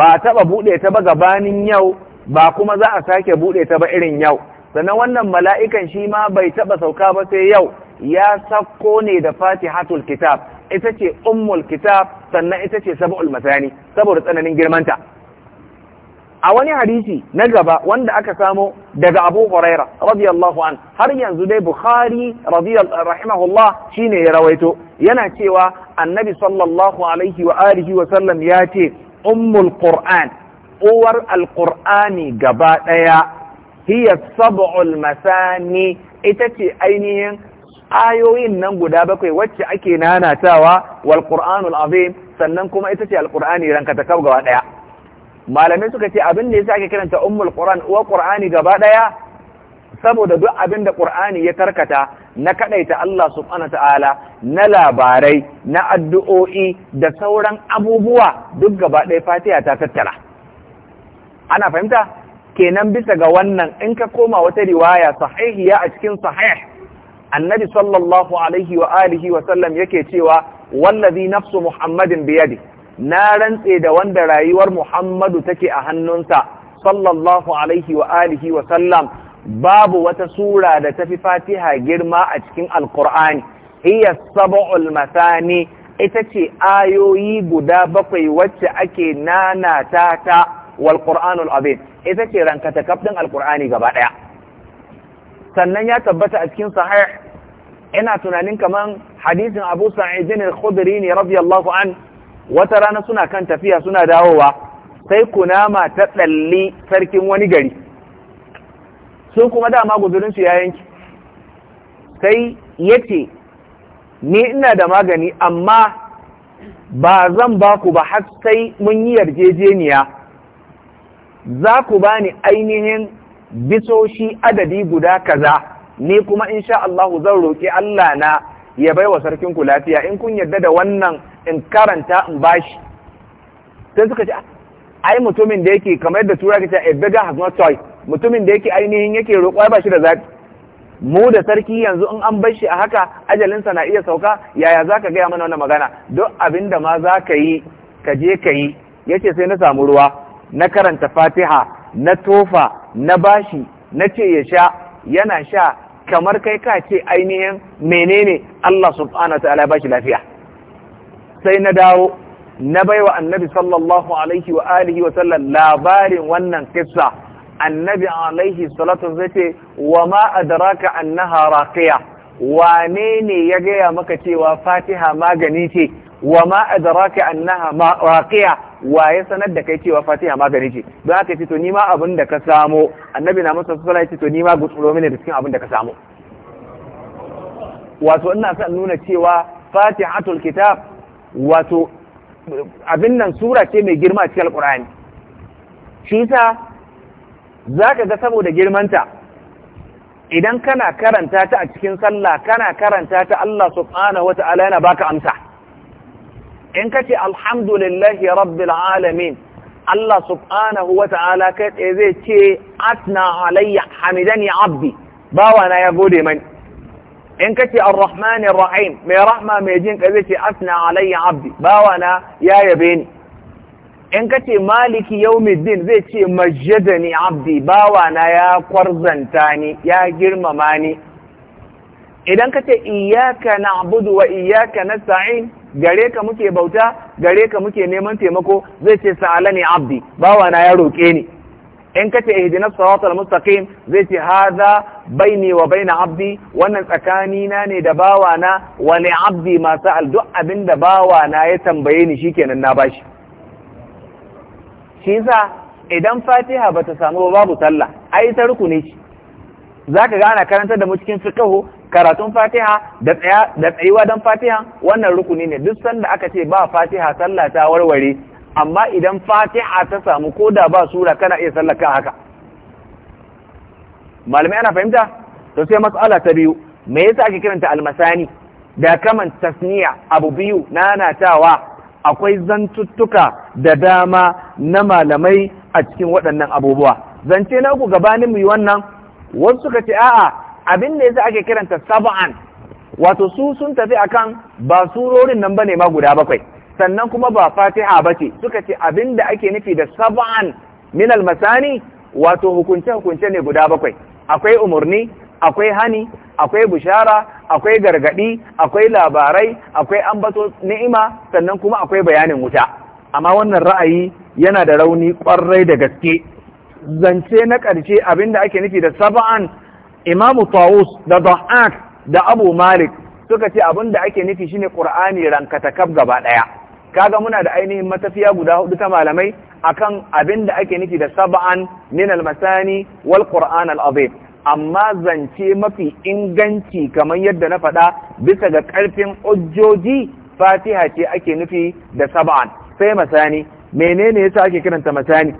ba taba bude ta ba gabanin yau ba kuma za a sake bude ta ba irin yau sannan wannan mala'ikan shi ma bai taba sauka ba sai yau ya sakko ne da fatihatul kitab ita ce ummul kitab sannan ita ce sab'ul masani saboda tsananin girmanta a wani hadisi na gaba wanda aka samo daga Abu Huraira radiyallahu an har yanzu dai Bukhari radiyallahu rahimahullah shine ya rawaito yana cewa Annabi sallallahu alaihi wa alihi wa sallam ya ce ummul qur'an uwar alqur'ani gaba daya hiya sab'ul masani ita ce ainihin ayoyin nan guda bakwai wacce ake nanatawa wal qur'anul azim sannan kuma ita ce alqur'ani ranka ta gaba daya malamai suka ce abin da ya ake kiranta ummul qur'an uwa qur'ani gaba daya saboda duk abin da qur'ani ya tarkata na kadaita Allah subhanahu ta'ala na labarai na addu'o'i da sauran abubuwa duk gaba daya fatiha ta tattara ana fahimta kenan bisa ga wannan in ka koma wata riwaya sahihiya a cikin sahih annabi sallallahu alaihi wa alihi wa sallam yake cewa wallazi nafsu muhammadin biyadi na rantse da wanda rayuwar Muhammadu take a hannunsa sallallahu alaihi wa alihi wa sallam babu wata sura da tafi Fatiha girma a cikin Alkur'ani hiya sab'ul masani ita ce ayoyi guda bakwai wacce ake nanata ta wal Qur'anul Azim ita ce rankata kafin Alkur'ani gaba daya sannan ya tabbata a cikin sahih ina tunanin kaman hadisin Abu Sa'id al-Khudri ne radiyallahu anhu wata rana suna kan tafiya suna dawowa sai kunama ta tsalli sarkin wani gari su kuma dama guzurinsu ya yanki sai ya ce ni ina da magani amma ba zan ba ku ba har sai mun yi yarjejeniya za ku ba ni ainihin bisoshi adadi guda kaza ni kuma insha Allahu zan roƙi Allah na ya baiwa sarkin ku lafiya in kun yarda da wannan in karanta in bashi sai suka ce ai mutumin da yake kamar yadda tura kace a beggar has no choice mutumin da yake ainihin yake roƙo ba shi da zaɓi mu da sarki yanzu in an bashi a haka ajalinsa na iya sauka yaya za ka gaya mana wannan magana duk abin da ma za ka yi ka je ka yi ce sai na samu ruwa na karanta fatiha na tofa na bashi na ce ya sha yana sha kamar kai ka ce ainihin menene Allah subhanahu wa ta'ala bashi lafiya sai na dawo na baiwa annabi sallallahu alaihi wa alihi wa sallam labarin wannan kissa annabi alaihi salatu zai ce wa ma adraka annaha raqiya wane ne ya gaya maka cewa fatiha magani ce wa ma adraka annaha raqiya wa ya sanar da kai cewa fatiha magani ce don haka ce to ni ma abin da ka samo annabi na masa sallallahu alaihi to ni ma gutsuro mini da cikin abin da ka samo wato ina son nuna cewa fatihatul kitab wato abin nan sura ce mai girma cikin Alƙur'ani. shi yasa za ka ga saboda girmanta idan kana karanta ta a cikin sallah kana karanta ta Allah subhanahu wa ta'ala yana baka amsa in ka ce alhamdulillahi rabbil alamin Allah subhanahu wa ta'ala kai tsaye zai ce atna alayya hamidani abdi bawana ya gode mani in kace ar-rahman ar-rahim mai rahma mai jin kai zai ce asna alayya abdi bawana ya yabe ni in kace maliki yawmiddin zai ce majjadani abdi bawana ya kwarzanta ni ya girmama ni idan kace iyyaka na'budu wa iyyaka nasta'in gare ka muke bauta gare ka muke neman taimako zai ce sa'alani abdi bawana ya roke ni in ka ce ihdinas siratal mustaqim zai ce hadha baini wa baina abdi wannan tsakani na ne da bawana wa li abdi ma sa'al duk bawa na ya tambaye ni shikenan na bashi shi yasa idan Fatiha bata samu ba babu sallah ai ta rukuni shi zaka ga ana karantar da mu cikin fiqhu karatun Fatiha da tsaya da tsayuwa dan Fatiha wannan rukuni ne duk sanda aka ce ba Fatiha sallah ta warware amma idan fatiha ta samu ko da ba sura kana iya sallaka haka malamai ana fahimta to sai matsala ta biyu me yasa ake kiranta almasani da kaman tasniya abu biyu nanatawa akwai zantuttuka da dama na malamai a cikin waɗannan abubuwa zance na ku gabanin mu wannan wasu suka ce a'a abin da yasa ake kiranta sab'an wato su sun tafi akan ba surorin nan bane ma guda bakwai sannan kuma ba fatiha ba ce suka ce abin da ake nufi da sab'an min almasani wato hukunce-hukunce ne guda bakwai akwai umarni akwai hani akwai bushara akwai gargadi akwai labarai akwai ambato ni'ima sannan kuma akwai bayanin wuta amma wannan ra'ayi yana da rauni kwarai da gaske zance na ƙarshe abinda ake nufi da sab'an imamu tawus da da'ak da abu malik suka ce da ake nufi shine qur'ani rankatakab gaba ɗaya kaga muna da ainihin matafiya guda hudu ta malamai akan abin da ake nufi da sab'an min al-masani wal qur'an al amma zance mafi inganci kamar yadda na faɗa bisa ga ƙarfin ujjoji fatiha ce ake nufi da sab'an sai masani menene yasa ake kiranta masani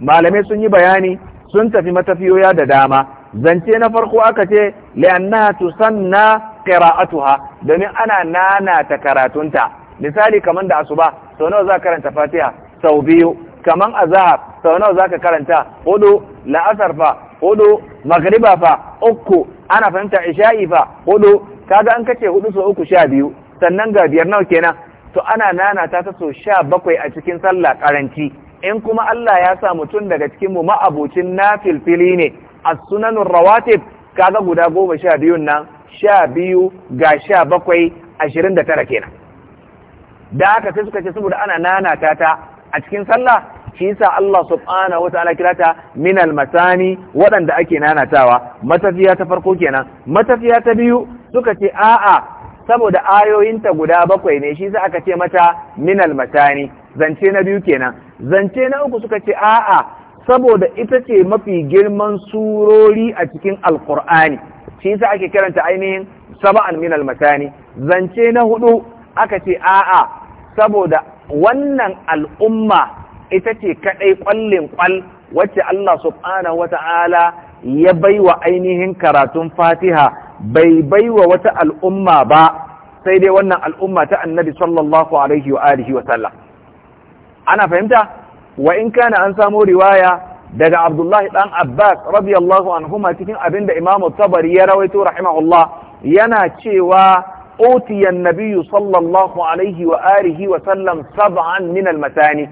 malamai sun yi bayani sun tafi matafiyoya da dama zance na farko aka ce li'annaha tusanna qira'atuha domin ana nanata karatunta misali kaman da asuba sau nawa za ka karanta fatiha sau biyu kaman azahar sau nawa za ka karanta hudu la'asar fa hudu Magariba fa uku ana fahimta isha'i fa hudu kaga an kace hudu sau uku sha biyu sannan ga biyar nawa kenan to ana nana ta ta so sha bakwai a cikin sallah karanci in kuma Allah ya sa mutum daga cikin mu ma'abocin nafilfili ne as-sunanur rawatib kaga guda goma sha biyun nan sha biyu ga sha bakwai ashirin da tara kenan da aka sai suka ce saboda ana nanata ta a cikin sallah shi yasa Allah subhanahu wataala kira ta min al-masani waɗanda ake nanatawa matafiya ta farko kenan matafiya ta biyu suka ce a'a saboda ayoyinta guda bakwai ne shi yasa aka ce mata min masani zance na biyu kenan zance na uku suka ce a'a saboda ita ce mafi girman surori a cikin alkur'ani shi yasa ake kiranta ainihin sab'an min al-masani zance na hudu aka ce a'a saboda wannan al'umma ita ce kaɗai ƙwallin ƙwal wacce Allah subhanahu wata'ala ya baiwa ainihin karatun fatiha bai baiwa wata al'umma ba sai dai wannan al'umma ta annabi sallallahu alaihi wa alihi wa sallam ana fahimta wa in kana an samu riwaya daga abdullahi ɗan abbas radiyallahu anhuma cikin abinda imam tabari ya rawaito rahimahullah yana cewa أوتي النبي صلى الله عليه وآله وسلم سبعا من المثاني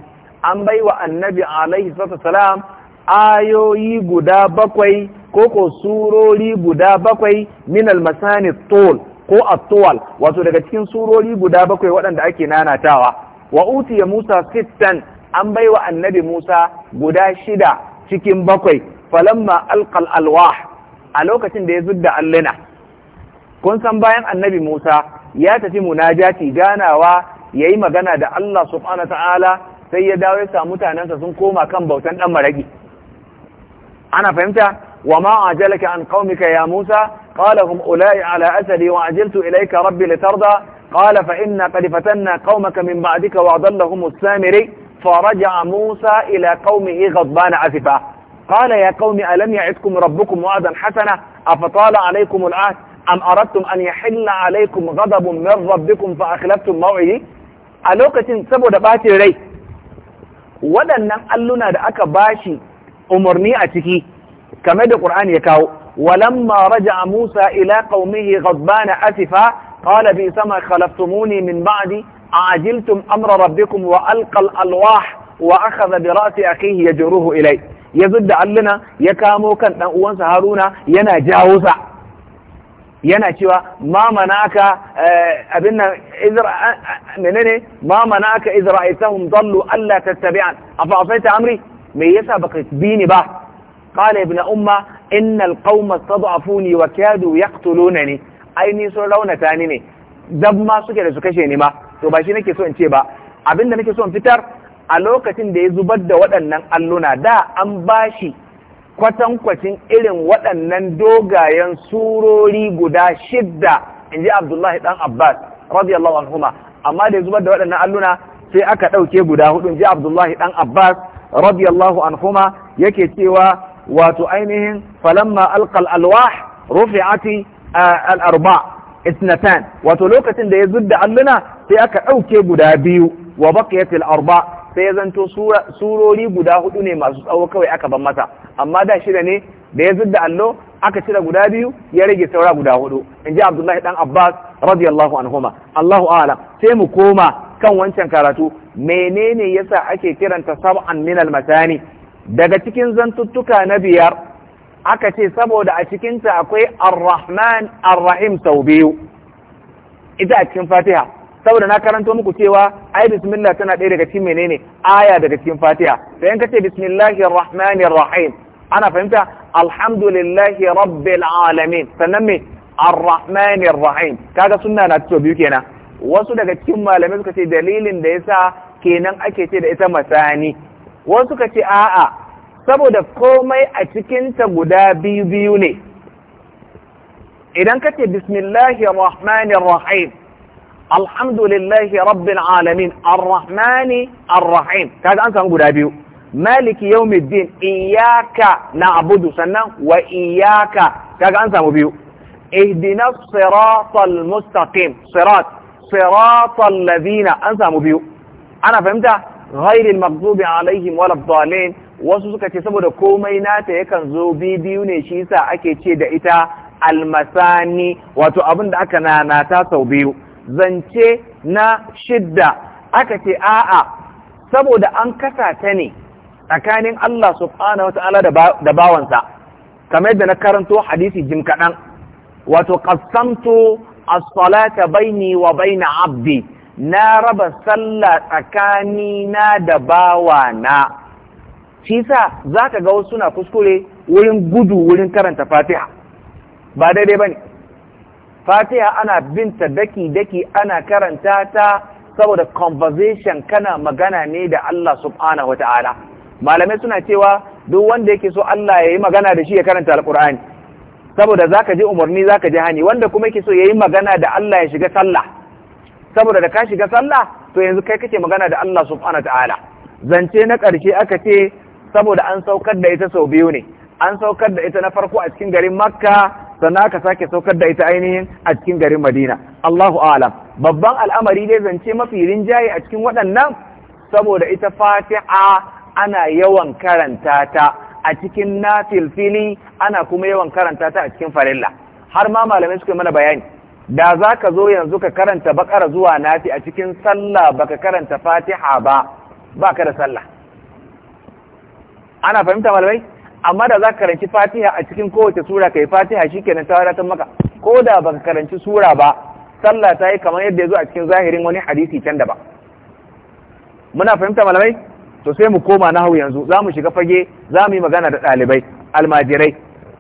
an bai wa annabi alaihi salam ayoyi guda bakwai ko ko surori guda bakwai min almasani tol ko atwal wato daga cikin surori guda bakwai waɗanda ake nanatawa wa utiya musa sittan an bai wa annabi musa guda shida cikin bakwai falamma alqal alwah a lokacin da ya zudda allina kun san bayan annabi Musa ya tafi munajati ganawa yayi magana da Allah subhanahu ta'ala sai ya dawo ya samu mutanansa sun koma kan bautan dan maragi ana fahimta wa ma ajalaka an qaumika ya Musa qala hum ulai ala asali wa ajiltu ilayka rabbi litarda قال فإنا قد فتنا قومك من بعدك وأضلهم السامري فرجع موسى إلى قومه غضبان عسفا قال يا قوم ألم يعدكم ربكم وعدا حسنا أفطال عليكم العهد أم أردتم أن يحل عليكم غضب من ربكم فأخلفتم موعدي a lokacin saboda bacin rai waɗannan alluna da aka bashi umarni a ciki kamar da Qur'ani ya kawo walamma raja Musa ila qaumihi ghadbana asifa qala bi sama khalaftumuni min ba'di ajiltum amra rabbikum wa alqa alwah wa akhadha bi ra'si akhihi yajruhu ilay yazud alluna ya kamo kan dan uwansa Haruna yana jawo sa yana cewa ma manaka eh, abin nan menene ma manaka izra'aytahum dallu alla tattabi'an afa afaita amri me yasa baka bi ni ba qala ibn umma innal qauma stad'afuni wa kadu yaqtulunani ai ni sun raunata ni ne dab ma suke da su kashe ni ma to ba shi nake so in ce ba abinda nake so in fitar a lokacin da ya zubar da waɗannan alluna da an bashi kwatankwacin irin waɗannan dogayen surori guda shidda in ji abdullahi ɗan abbas radiyallahu anhuma amma da zubar da waɗannan alluna sai aka ɗauke guda hudu in ji abdullahi ɗan abbas radiyallahu anhuma yake cewa wato ainihin falamma alƙal alwah rufi'ati al isnatan wato lokacin da ya da alluna sai aka ɗauke guda biyu wa baƙiyatil arba sai ya zanto surori guda hudu ne masu tsawo kawai aka ban masa amma da shida ne da ya da allo aka cire guda biyu ya rage saura guda hudu in ji abdullahi dan abbas radiyallahu anhuma allahu a'lam sai mu koma kan wancan karatu menene yasa ake kiranta sab'an min al-matani daga cikin zantuttuka na biyar aka ce saboda a cikinta akwai ar-rahman ar-rahim sau biyu ita a cikin fatiha saboda na karanto muku cewa ai bismillah tana ɗaya daga cikin menene aya daga cikin fatiha da in kace bismillahir ana fahimta alhamdulillahi rabbil alamin sannan me arrahmanir kaga sunna na to biyu kenan wasu daga cikin malamai suka ce dalilin da yasa kenan ake ce da ita masani wasu suka ce a'a saboda komai a cikin ta guda biyu biyu ne idan kace bismillahir rahmanir rahim alhamdulillahi rabbil alamin arrahmani arrahim kaga an san guda biyu maliki yawmiddin iyyaka na'budu sannan wa iyyaka kaga an samu biyu ihdina siratal mustaqim sirat siratal ladina an samu biyu ana fahimta ghairil maghdubi alaihim waladdallin wasu suka ce saboda komai nata yakan zo biyu ne shi yasa ake ce da ita almasani wato abin da aka nanata sau biyu zance na shidda aka ce a'a saboda an kasa ta ne tsakanin Allah subhanahu wata'ala da bawansa kamar yadda na karanto hadisi jim kaɗan wato qassamtu as-salata baini wa baina abdi na raba sallah tsakanina da bawana shi sa ka ga wasu na kuskure wurin gudu wurin karanta Fatiha ba daidai ba ne. fatiha ana binta daki-daki ana karanta ta saboda conversation kana magana ne da Allah subhanahu wa ta'ala malamai suna cewa duk wanda yake so Allah ya yi magana da shi ya karanta alkur'ani saboda za ka ji umarni za ka ji hani wanda kuma yake so ya yi magana da Allah ya shiga sallah saboda da ka shiga sallah to yanzu kai kake magana da Allah subhanahu wa ta'ala zance na ƙarshe aka ce saboda an saukar da ita sau biyu ne an saukar da ita na farko a cikin garin makka sannan aka sake saukar da ita ainihin a cikin garin madina allahu alam babban al'amari dai zance mafi rinjaye a cikin waɗannan saboda ita fatiha ana yawan karanta ta a cikin na nafilfili ana kuma yawan karanta ta a cikin farilla har ma malamai suka mana bayani da za ka zo yanzu ka karanta bakara zuwa nafi a cikin sallah baka karanta fatiha ba ba ka da sallah ana fahimta malamai amma da za ka karanci fatiha a cikin kowace sura ka yi fatiha shi kenan ta wadatar maka ko da ba ka karanci sura ba sallah ta yi kamar yadda ya zo a cikin zahirin wani hadisi can da ba muna fahimta malamai to sai mu koma hau yanzu za mu shiga fage za mu yi magana da ɗalibai almajirai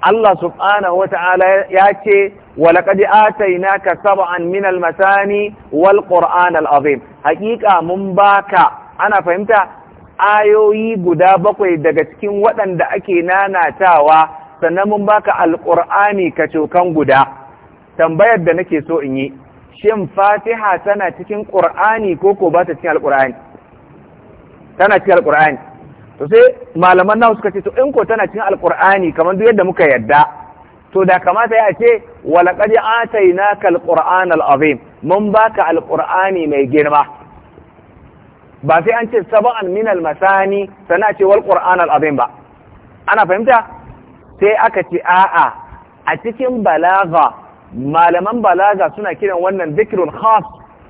Allah subhanahu wa ta'ala ya ce wa laqad atainaka sab'an min al-masani wal qur'an al-azim haqiqa mun baka ana fahimta ayoyi guda bakwai daga cikin waɗanda ake nanatawa sannan mun baka alƙur'ani ka cokan guda tambayar da nake so in yi shin fatiha tana cikin ƙur'ani ko ko ba ta cikin alƙur'ani tana cikin alƙur'ani to sai malaman nawa suka ce to in ko tana cikin alƙur'ani kamar duk yadda muka yadda to da kamata ya ce walaƙad atainaka alqur'an alazim mun baka Alƙur'ani mai girma ba sai an ce sab'an min masani sana ce wal qur'an al ba ana fahimta sai aka ce a'a a cikin balaga malaman balaga suna kiran wannan dhikrun khas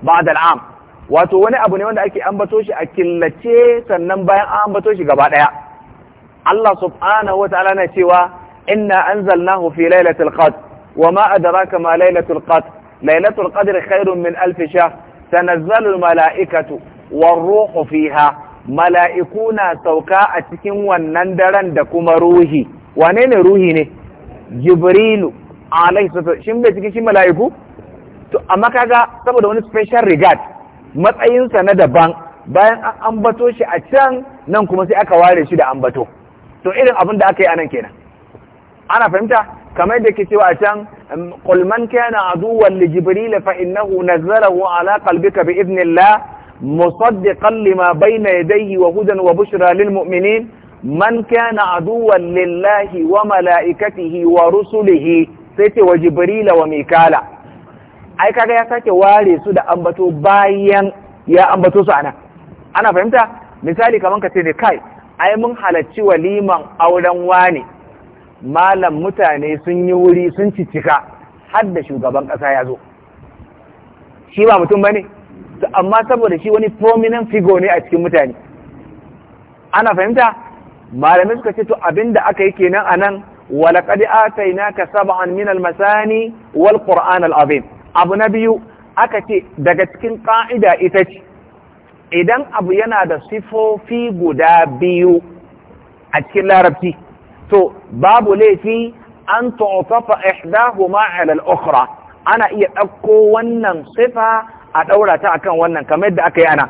ba'da al-am wato wani abu ne wanda ake ambato shi a killace sannan bayan an ambato shi gaba daya Allah subhanahu wa ta'ala na cewa inna anzalnahu fi lailatul qadr wa ma adraka ma lailatul qadr lailatul qadr khairun min alf shahr tanazzalu al mala'ikatu warruhu fiha mala'iku na sauka a cikin wannan daren da kuma ruhi wane ne ruhi ne jibrilu alaihi salatu shin bai cikin shi mala'iku to amma kaga saboda wani special regard matsayinsa na daban bayan an ambato shi a can nan kuma sai aka ware shi da ambato to irin abin da aka yi anan kenan ana fahimta kamar da ke cewa a can kulman man kana aduwwan li jibril fa innahu nazzarahu ala qalbika bi idnillah na مصدقا لما بين يديه وهدى وبشرى للمؤمنين من كان عدوا لله وملائكته ورسله Jibrila wa وميكالا ai kaga ya sake ware su da ambato bayan ya ambato su ana ana fahimta misali kamar ka ce ai mun halarci waliman auren wani malam mutane sun yi wuri sun cicika har shugaban ƙasa ya zo shi ba mutum bane amma saboda shi wani prominent figo ne a cikin mutane ana fahimta malamai suka ce to abinda aka yi kenan anan walaqad ka sab'an min al-masani wal qur'an al abu na biyu aka ce daga cikin ƙa'ida ita ce idan abu yana da sifofi guda biyu a cikin larabci to babu laifi an tu'tafa ihdahuma 'ala al-ukhra ana iya ɗauko wannan sifa a ɗaura ta akan wannan kamar yadda aka yi ana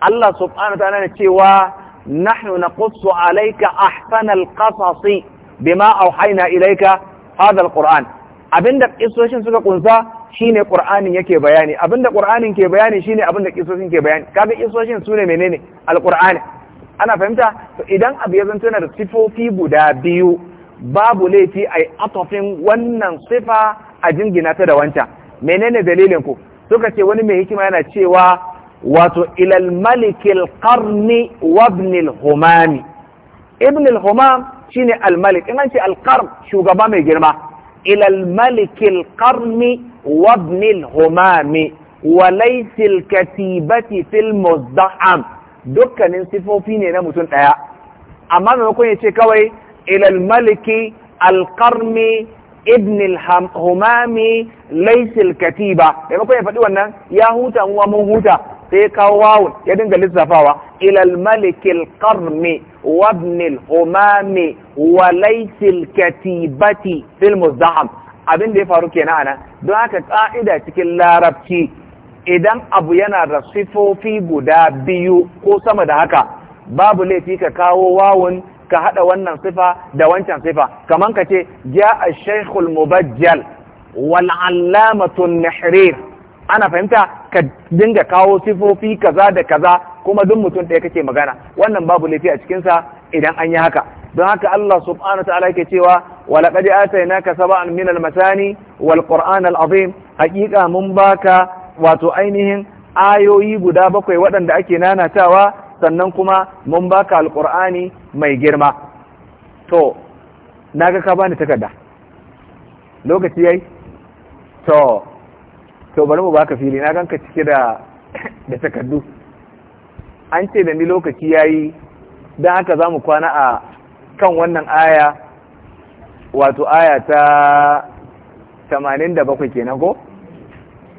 Allah subhanahu wa ta'ala cewa nahnu naqussu alayka ahsanal qasasi bima auhayna ilayka hadha alquran abinda kisoshin suka kunsa shine qur'anin yake bayani abinda qur'anin ke bayani shine abinda kisoshin ke bayani kaga kisoshin sune menene alqur'ani ana fahimta to idan abu ya zanto da sifofi guda biyu babu laifi ai atofin wannan sifa a jingina ta da wancan menene dalilin ku suka ce wani mai hikima yana cewa wato ilal malikil qarni wa ibnil humami ibnil humam shine al malik in an ce al qarn shugaba mai girma ilal malikil qarni wa ibnil humami wa laysil katibati fil muzdaham dukkanin sifofi ne na mutum daya amma maimakon ya ce kawai ilal maliki al qarni ibn al-humami laysil katiba da mako ya faɗi wannan ya huta wa mun huta sai kawo wawun ya dinga lissafawa ila al-malik al-qarmi wa ibn al-humami wa katibati fil muzdaham abin da ya faru kenan anan don haka ka'ida cikin larabci idan abu yana da sifofi guda biyu ko sama da haka babu laifi ka kawo wawun ka hada wannan sifa da wancan sifa kaman ka ce ja ash mubajjal wal allamatu nahrir ana fahimta ka dinga kawo sifofi kaza da kaza kuma duk mutum ɗaya kake magana wannan babu laifi a cikin sa idan an yi haka don haka Allah subhanahu ta'ala yake cewa wa laqad atainaka sab'an min al-masani wal qur'an al-azim mun baka wato ainihin ayoyi guda bakwai waɗanda ake nanatawa sannan kuma mun baka Alƙur'ani mai girma to naga ka bani takarda lokaci yayi to to bari mu baka fili na ganka cike da da takardu an ce da ni lokaci yayi dan haka zamu kwana a kan wannan aya wato aya ta 87 kenan ko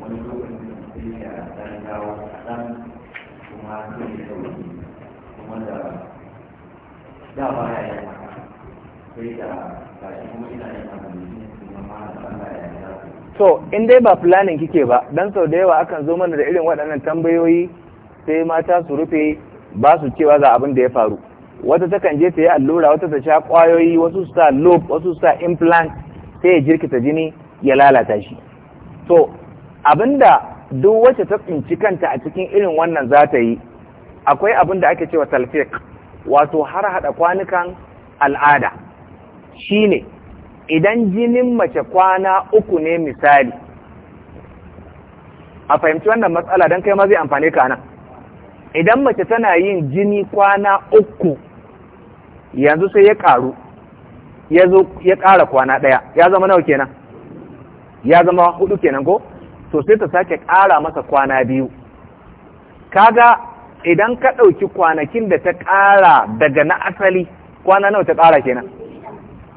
wani lokacin da ya dan dawo kaɗan kuma sai ya sauki kuma da da ba ya yi haka sai da gashi kuma ina yin haka ne kuma ma da Allah ya yi haka to in dai ba planning kike ba dan sau da yawa akan zo mana da irin waɗannan tambayoyi sai mata su rufe ba su cewa ga abin da ya faru wata takan je ta yi allura wata ta sha ƙwayoyi, wasu sa lobe wasu sa implant sai ya jirkita jini ya lalata shi to abinda duk wacce ta tsinci kanta a cikin irin wannan za ta yi akwai abin abinda ake cewa talfik wato har hada kwanukan al'ada shine idan jinin mace kwana uku ne misali a fahimci wannan matsala don kai ma zai amfani ka nan idan mace tana yin jini kwana uku yanzu sai ya karu ya zo ya ƙara kwana ɗaya ya zama nawa kenan ya zama hudu kenan ko so sai ta sake ƙara masa kwana biyu kaga idan ka ɗauki kwanakin da ta ƙara daga na asali kwana nawa ta ƙara kenan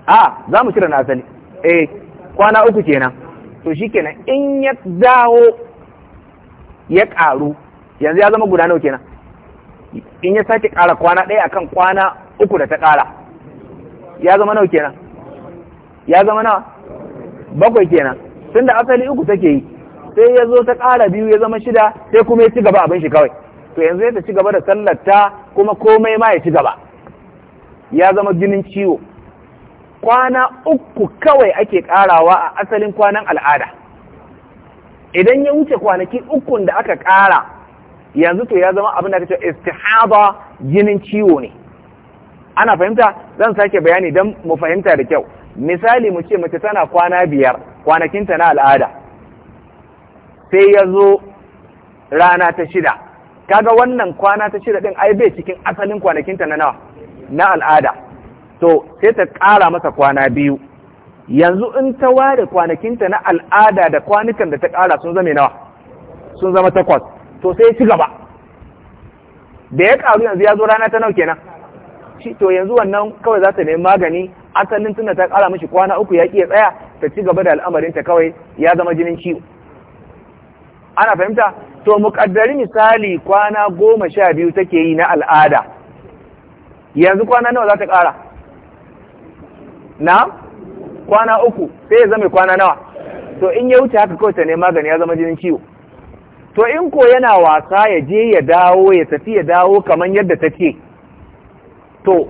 a za mu cire na asali eh kwana uku kenan to shi kenan in ya dawo ya ƙaru yanzu ya zama guda nawa kenan in ya sake ƙara kwana ɗaya akan kwana uku da ta ƙara ya zama nawa kenan ya zama nawa bakwai kenan tunda asali uku take yi sai ya zo ta ƙara biyu ya zama shida sai kuma ya ci gaba abin shi kawai to yanzu ya ta ci gaba da sallar ta kuma komai ma ya ci gaba ya zama jinin ciwo kwana uku kawai ake ƙarawa a asalin kwanan al'ada idan ya wuce kwanaki ukun da aka ƙara yanzu to ya zama abin da aka ce istihaba jinin ciwo ne ana fahimta zan sake bayani don mu fahimta da kyau misali mu ce mace tana kwana biyar kwanakinta na al'ada sai ya zo rana ta shida kaga wannan kwana ta shida din ai bai cikin asalin kwanakinta na nawa na al'ada to sai ta ƙara masa kwana biyu yanzu in ta ware kwanakinta na al'ada da kwanukan da ta ƙara sun zama nawa sun zama takwas to sai ya ci gaba da ya ƙaru yanzu ya zo rana ta nau kenan shi to yanzu wannan kawai za ta nemi magani asalin tunda ta ƙara mishi kwana uku ya ƙi ya tsaya ta ci gaba da ta kawai ya zama jinin ciwo ana fahimta to muƙaddari misali kwana goma sha biyu take yi na al'ada yanzu kwana nawa za ta ƙara na kwana uku sai ya zama kwana nawa to in ya wuce haka kawai ta ne magani ya zama jinin ciwo to in ko yana wasa ya je ya dawo ya tafi ya dawo kamar yadda ta ce to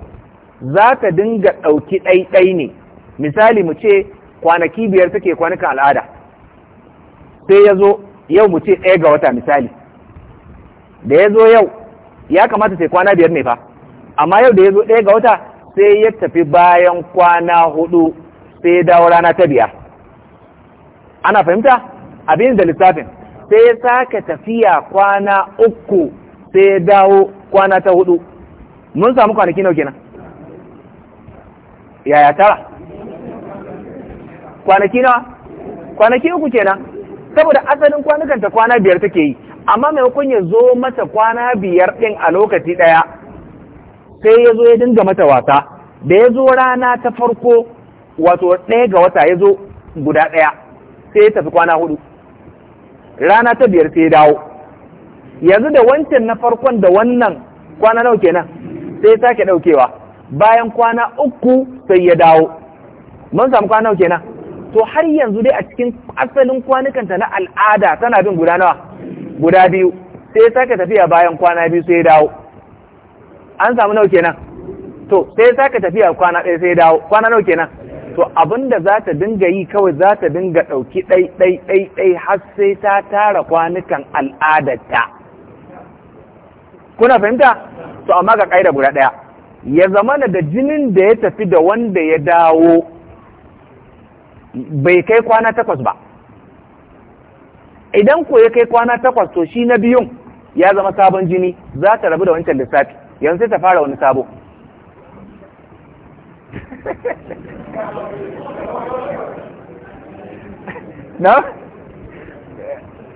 za ta dinga ɗauki ɗaiɗai ne misali mu ce kwanaki biyar take kwanukan al'ada sai ya zo yau mu ce ɗaya ga wata misali da ya zo yau ya kamata sai kwana biyar ne fa amma yau da ya zo ɗaya ga wata sai ya tafi bayan kwana hudu sai ya dawo rana ta biyar ana fahimta abin da lissafin sai ya sake tafiya kwana uku sai ya dawo kwana ta hudu mun samu kwanaki nau kenan yaya tara kwanaki nawa kwanaki uku kenan saboda asalin kwanukan ta kwana biyar take yi amma maimakon ya zo mata kwana biyar ɗin a lokaci ɗaya sai ya zo ya dinga mata wasa da ya zo rana ta farko wato ɗaya ga wata ya zo guda ɗaya sai ya tafi kwana hudu rana ta biyar sai ya dawo yanzu da wancan na farkon da wannan kwana nawa kenan sai ya sake ɗaukewa bayan kwana uku sai ya dawo mun samu kwana nawa kenan to har yanzu dai a cikin asalin kwanukanta na al'ada tana bin guda nawa guda biyu sai sake tafiya bayan kwana biyu sai ya dawo an samu nau kenan to sai sake tafiya kwana ɗaya sai ya dawo kwana nau kenan to da za ta dinga yi kawai za ta dinga ɗauki ɗai ɗai ɗai ɗai har sai ta tara kwanukan al'adarta kuna fahimta to amma ga ƙaida guda ɗaya ya zamana da jinin da ya tafi da wanda ya dawo bai kai kwana takwas ba idan ko ya kai kwana takwas to shi na biyun ya zama sabon jini za ta rabu da wancan lissafi yanzu sai ta fara wani sabo [LAUGHS] na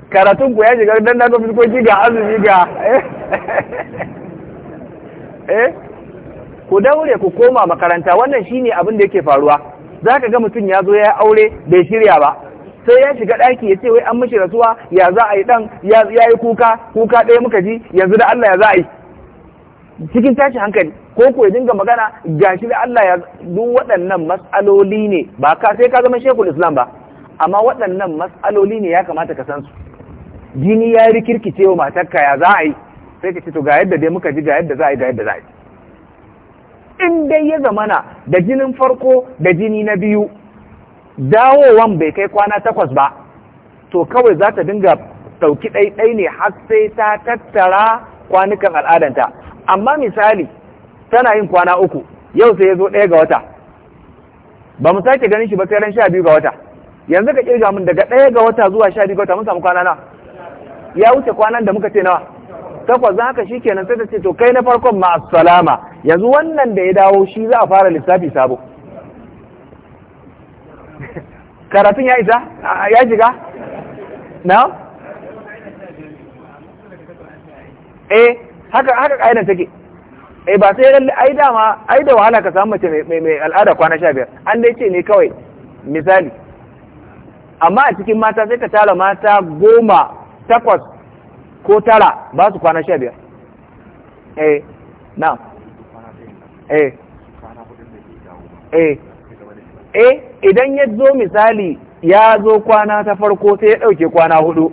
karatun ku ya shiga don na gomi koji ga azumi ga [LAUGHS] eh? eh ku daure ku koma makaranta wannan shine abin da yake faruwa za ka ga mutum ya zo ya aure bai shirya ba sai ya shiga ɗaki ya ce wai an mashi rasuwa ya za a yi ɗan ya yi kuka kuka ɗaya muka ji yanzu da Allah ya za a yi cikin tashi hankali ko ko ya dinga magana gashi da Allah ya duk waɗannan matsaloli ne ba ka sai ka zama shekul islam ba amma waɗannan mas'aloli ne ya kamata ka san su jini ya rikirkice wa matarka ya za a yi sai ka ce to ga yadda dai muka ji ga yadda za a yi ga yadda za a yi in dai ya zamana da jinin farko da jini na biyu dawowan bai kai kwana takwas ba to kawai za ta dinga ɗauki ɗaiɗai ne har sai ta tattara kwanukan al'adanta amma misali tana yin kwana uku yau sai ya zo ɗaya ga wata ba mu sake ganin shi ba sai ran sha biyu ga wata yanzu ka kirga mun daga ɗaya ga wata zuwa sha biyu ga wata mun samu kwana na ya wuce kwanan da muka ce nawa takwas haka shi kenan sai ta ce to kai na farkon ma salama yanzu wannan da ya dawo shi za a fara lissafi sabo [LAUGHS] karatun ya isa ya shiga na E haka haka kaidan take E ba sai lalle ai dama ai da wahala ka samu mace mai mai al'ada kwana sha biyar an dai ce ne kawai misali amma a cikin mata sai ka tara mata goma takwas ko tara ba su kwana sha biyar eh na eh eh eh idan ya zo misali ya zo kwana ta farko sai ya ɗauke kwana hudu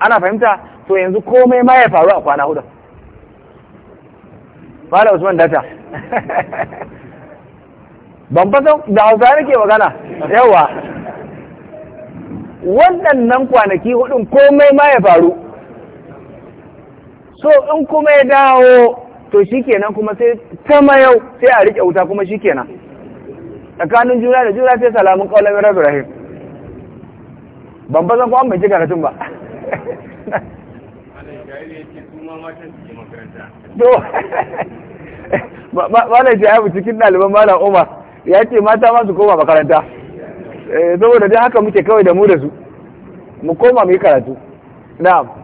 ana fahimta to yanzu komai ma ya faru a kwana hudu fara usman data [LAUGHS] ban fasa da hausa nake magana yawa waɗannan kwanaki hudun komai ma ya faru so in kuma ya dawo to shikenan kuma sai ta mayau sai a riƙe wuta kuma shikenan tsakanin juna da juna sai salamun ƙaunar rabbi rahim ban bazan ko an bai karatun ba to malam shayabu cikin ɗaliban malam umar ya ce mata ma su koma makaranta eh, saboda dai haka muke kawai da mu da su mu koma mu yi karatu na'am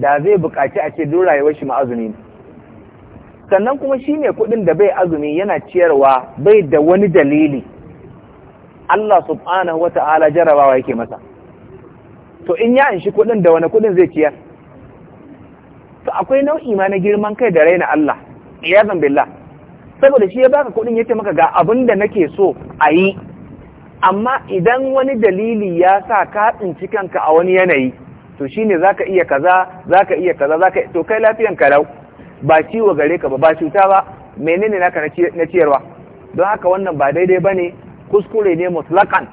da zai bukaci a ce duk rayuwar shi ma'azumi sannan kuma shi ne kuɗin da bai azumi yana ciyarwa bai da wani dalili Allah subhanahu wa ta'ala jarabawa yake masa to in ya anshi kuɗin da wani kuɗin zai ciyar to akwai nau'i ma na girman kai da raina Allah iyazan billah saboda shi ya baka kuɗin yace maka ga abin da nake so a yi amma idan wani dalili ya sa ka tsinci kanka a wani yanayi to shine zaka iya kaza zaka iya kaza zaka to kai lafiyan kalau ba ciwo gare ka ba ba cuta ba menene naka na ciyarwa don haka wannan ba daidai bane kuskure ne mutlakan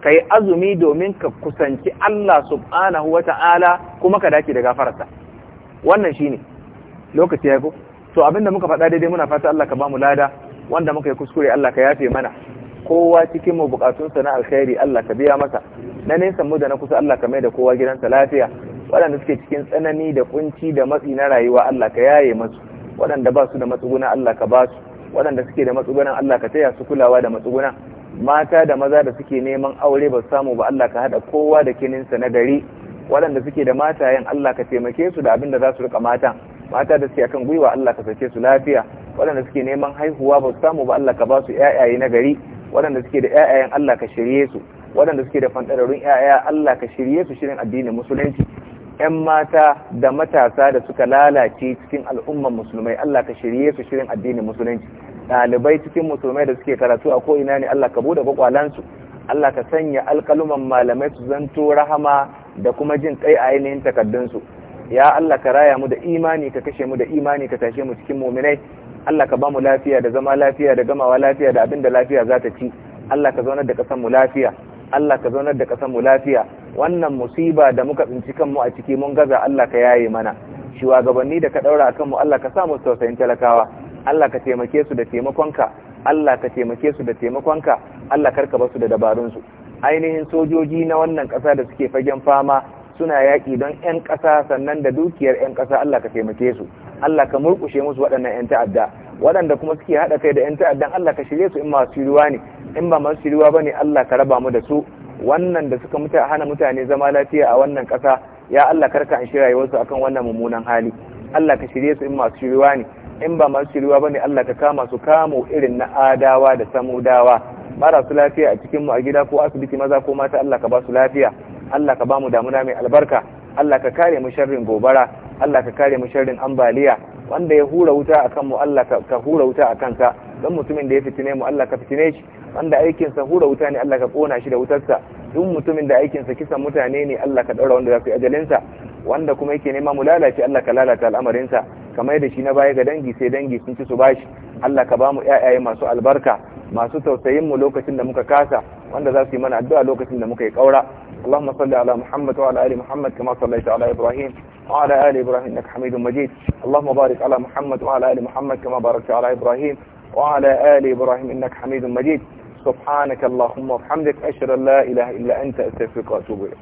kai azumi domin ka kusanci Allah subhanahu Ta'ala kuma ka dace da gafararsa wannan shine lokaci ya ko to abinda muka faɗa daidai muna fata Allah ka bamu lada wanda muka yi kuskure Allah ka yafe mana kowa cikin mu bukatunsa na alkhairi Allah ka biya masa na nesa mu da na kusa Allah ka mai da kowa gidansa lafiya waɗanda suke cikin tsanani da kunci da matsi na rayuwa Allah ka yaye masu waɗanda ba su da matsuguna Allah ka ba su waɗanda suke da matsugunan Allah ka taya su kulawa da matsuguna mata da maza da suke neman aure ba samu ba Allah ka haɗa kowa da kininsa na gari waɗanda suke da matayen Allah ka taimake su da abin da za su rika mata mata da suke kan gwiwa Allah ka sake su lafiya waɗanda suke neman haihuwa ba su samu ba Allah ka ba su ƴaƴaye na gari waɗanda suke da ƴaƴayen Allah ka shirye su waɗanda suke da fanɗararrun ƴaƴa Allah ka shirye su shirin addinin musulunci ƴan mata da matasa da suka lalace cikin al'ummar musulmai Allah ka shirye su shirin addinin musulunci ɗalibai cikin musulmai da suke karatu a ko'ina ne Allah ka buɗe kwakwalansu Allah ka sanya alkaluman malamai su zanto rahama da kuma jin kai a ainihin takaddunsu ya Allah ka raya mu da imani ka kashe mu da imani ka tashe mu cikin muminai Allah ka ba mu lafiya da zama lafiya da gamawa lafiya da abin da lafiya za ta ci Allah ka zaunar da kasan mu lafiya Allah ka zaunar da kasan mu lafiya wannan musiba da muka tsinci kanmu a ciki mun gaza Allah ka yaye mana shugabanni da ka ɗaura akan mu Allah ka sa mu tausayin talakawa Allah ka taimake su da taimakonka Allah ka taimake su da taimakonka Allah karka basu da dabarunsu ainihin sojoji na wannan ƙasa da suke fagen fama suna yaƙi don 'yan ƙasa sannan da dukiyar 'yan ƙasa Allah ka taimake su Allah ka murƙushe musu waɗannan 'yan ta'adda waɗanda kuma suke haɗa kai da 'yan ta'addan Allah ka shirye su in masu shiriwa ne in ba masu shiriwa ba ne Allah ka raba mu da su wannan da suka muta hana mutane zama lafiya a wannan ƙasa ya Allah karka an shirya wasu akan wannan mummunan hali Allah ka shirye su in masu shiriwa ne in ba masu shiriwa ba ne Allah ka kama su kamo irin na adawa da samudawa marasu lafiya a cikinmu a gida ko asibiti maza ko mata Allah ka ba su lafiya Allah ka bamu damuna mai albarka Allah ka kare mu sharrin gobara Allah ka kare mu sharrin ambaliya wanda ya hura wuta akan mu Allah ka hura wuta akan ka don mutumin da ya fitine mu Allah ka fitine shi wanda aikinsa hura wuta ne Allah ka kona shi da wutarsa duk mutumin da aikinsa kisan mutane ne Allah ka daura wanda za su yi ajalinsa wanda kuma yake nema mu lalace Allah ka lalata sa kamar da shi na baya ga dangi sai dangi sun ci su bashi Allah ka bamu mu masu albarka masu tausayin mu lokacin da muka kasa wanda za su yi mana addu'a lokacin da muka yi kaura Allahumma salli ala Muhammad wa ala ali Muhammad kama sallaita ala Ibrahim wa ala ali Ibrahim innaka Hamidum Majid Allahumma barik ala Muhammad wa ala ali Muhammad kama barakta ala Ibrahim wa ala ali Ibrahim innaka Hamidum Majid سبحانك اللهم وبحمدك أشهد أن لا إله إلا أنت أستغفرك وأتوب إليك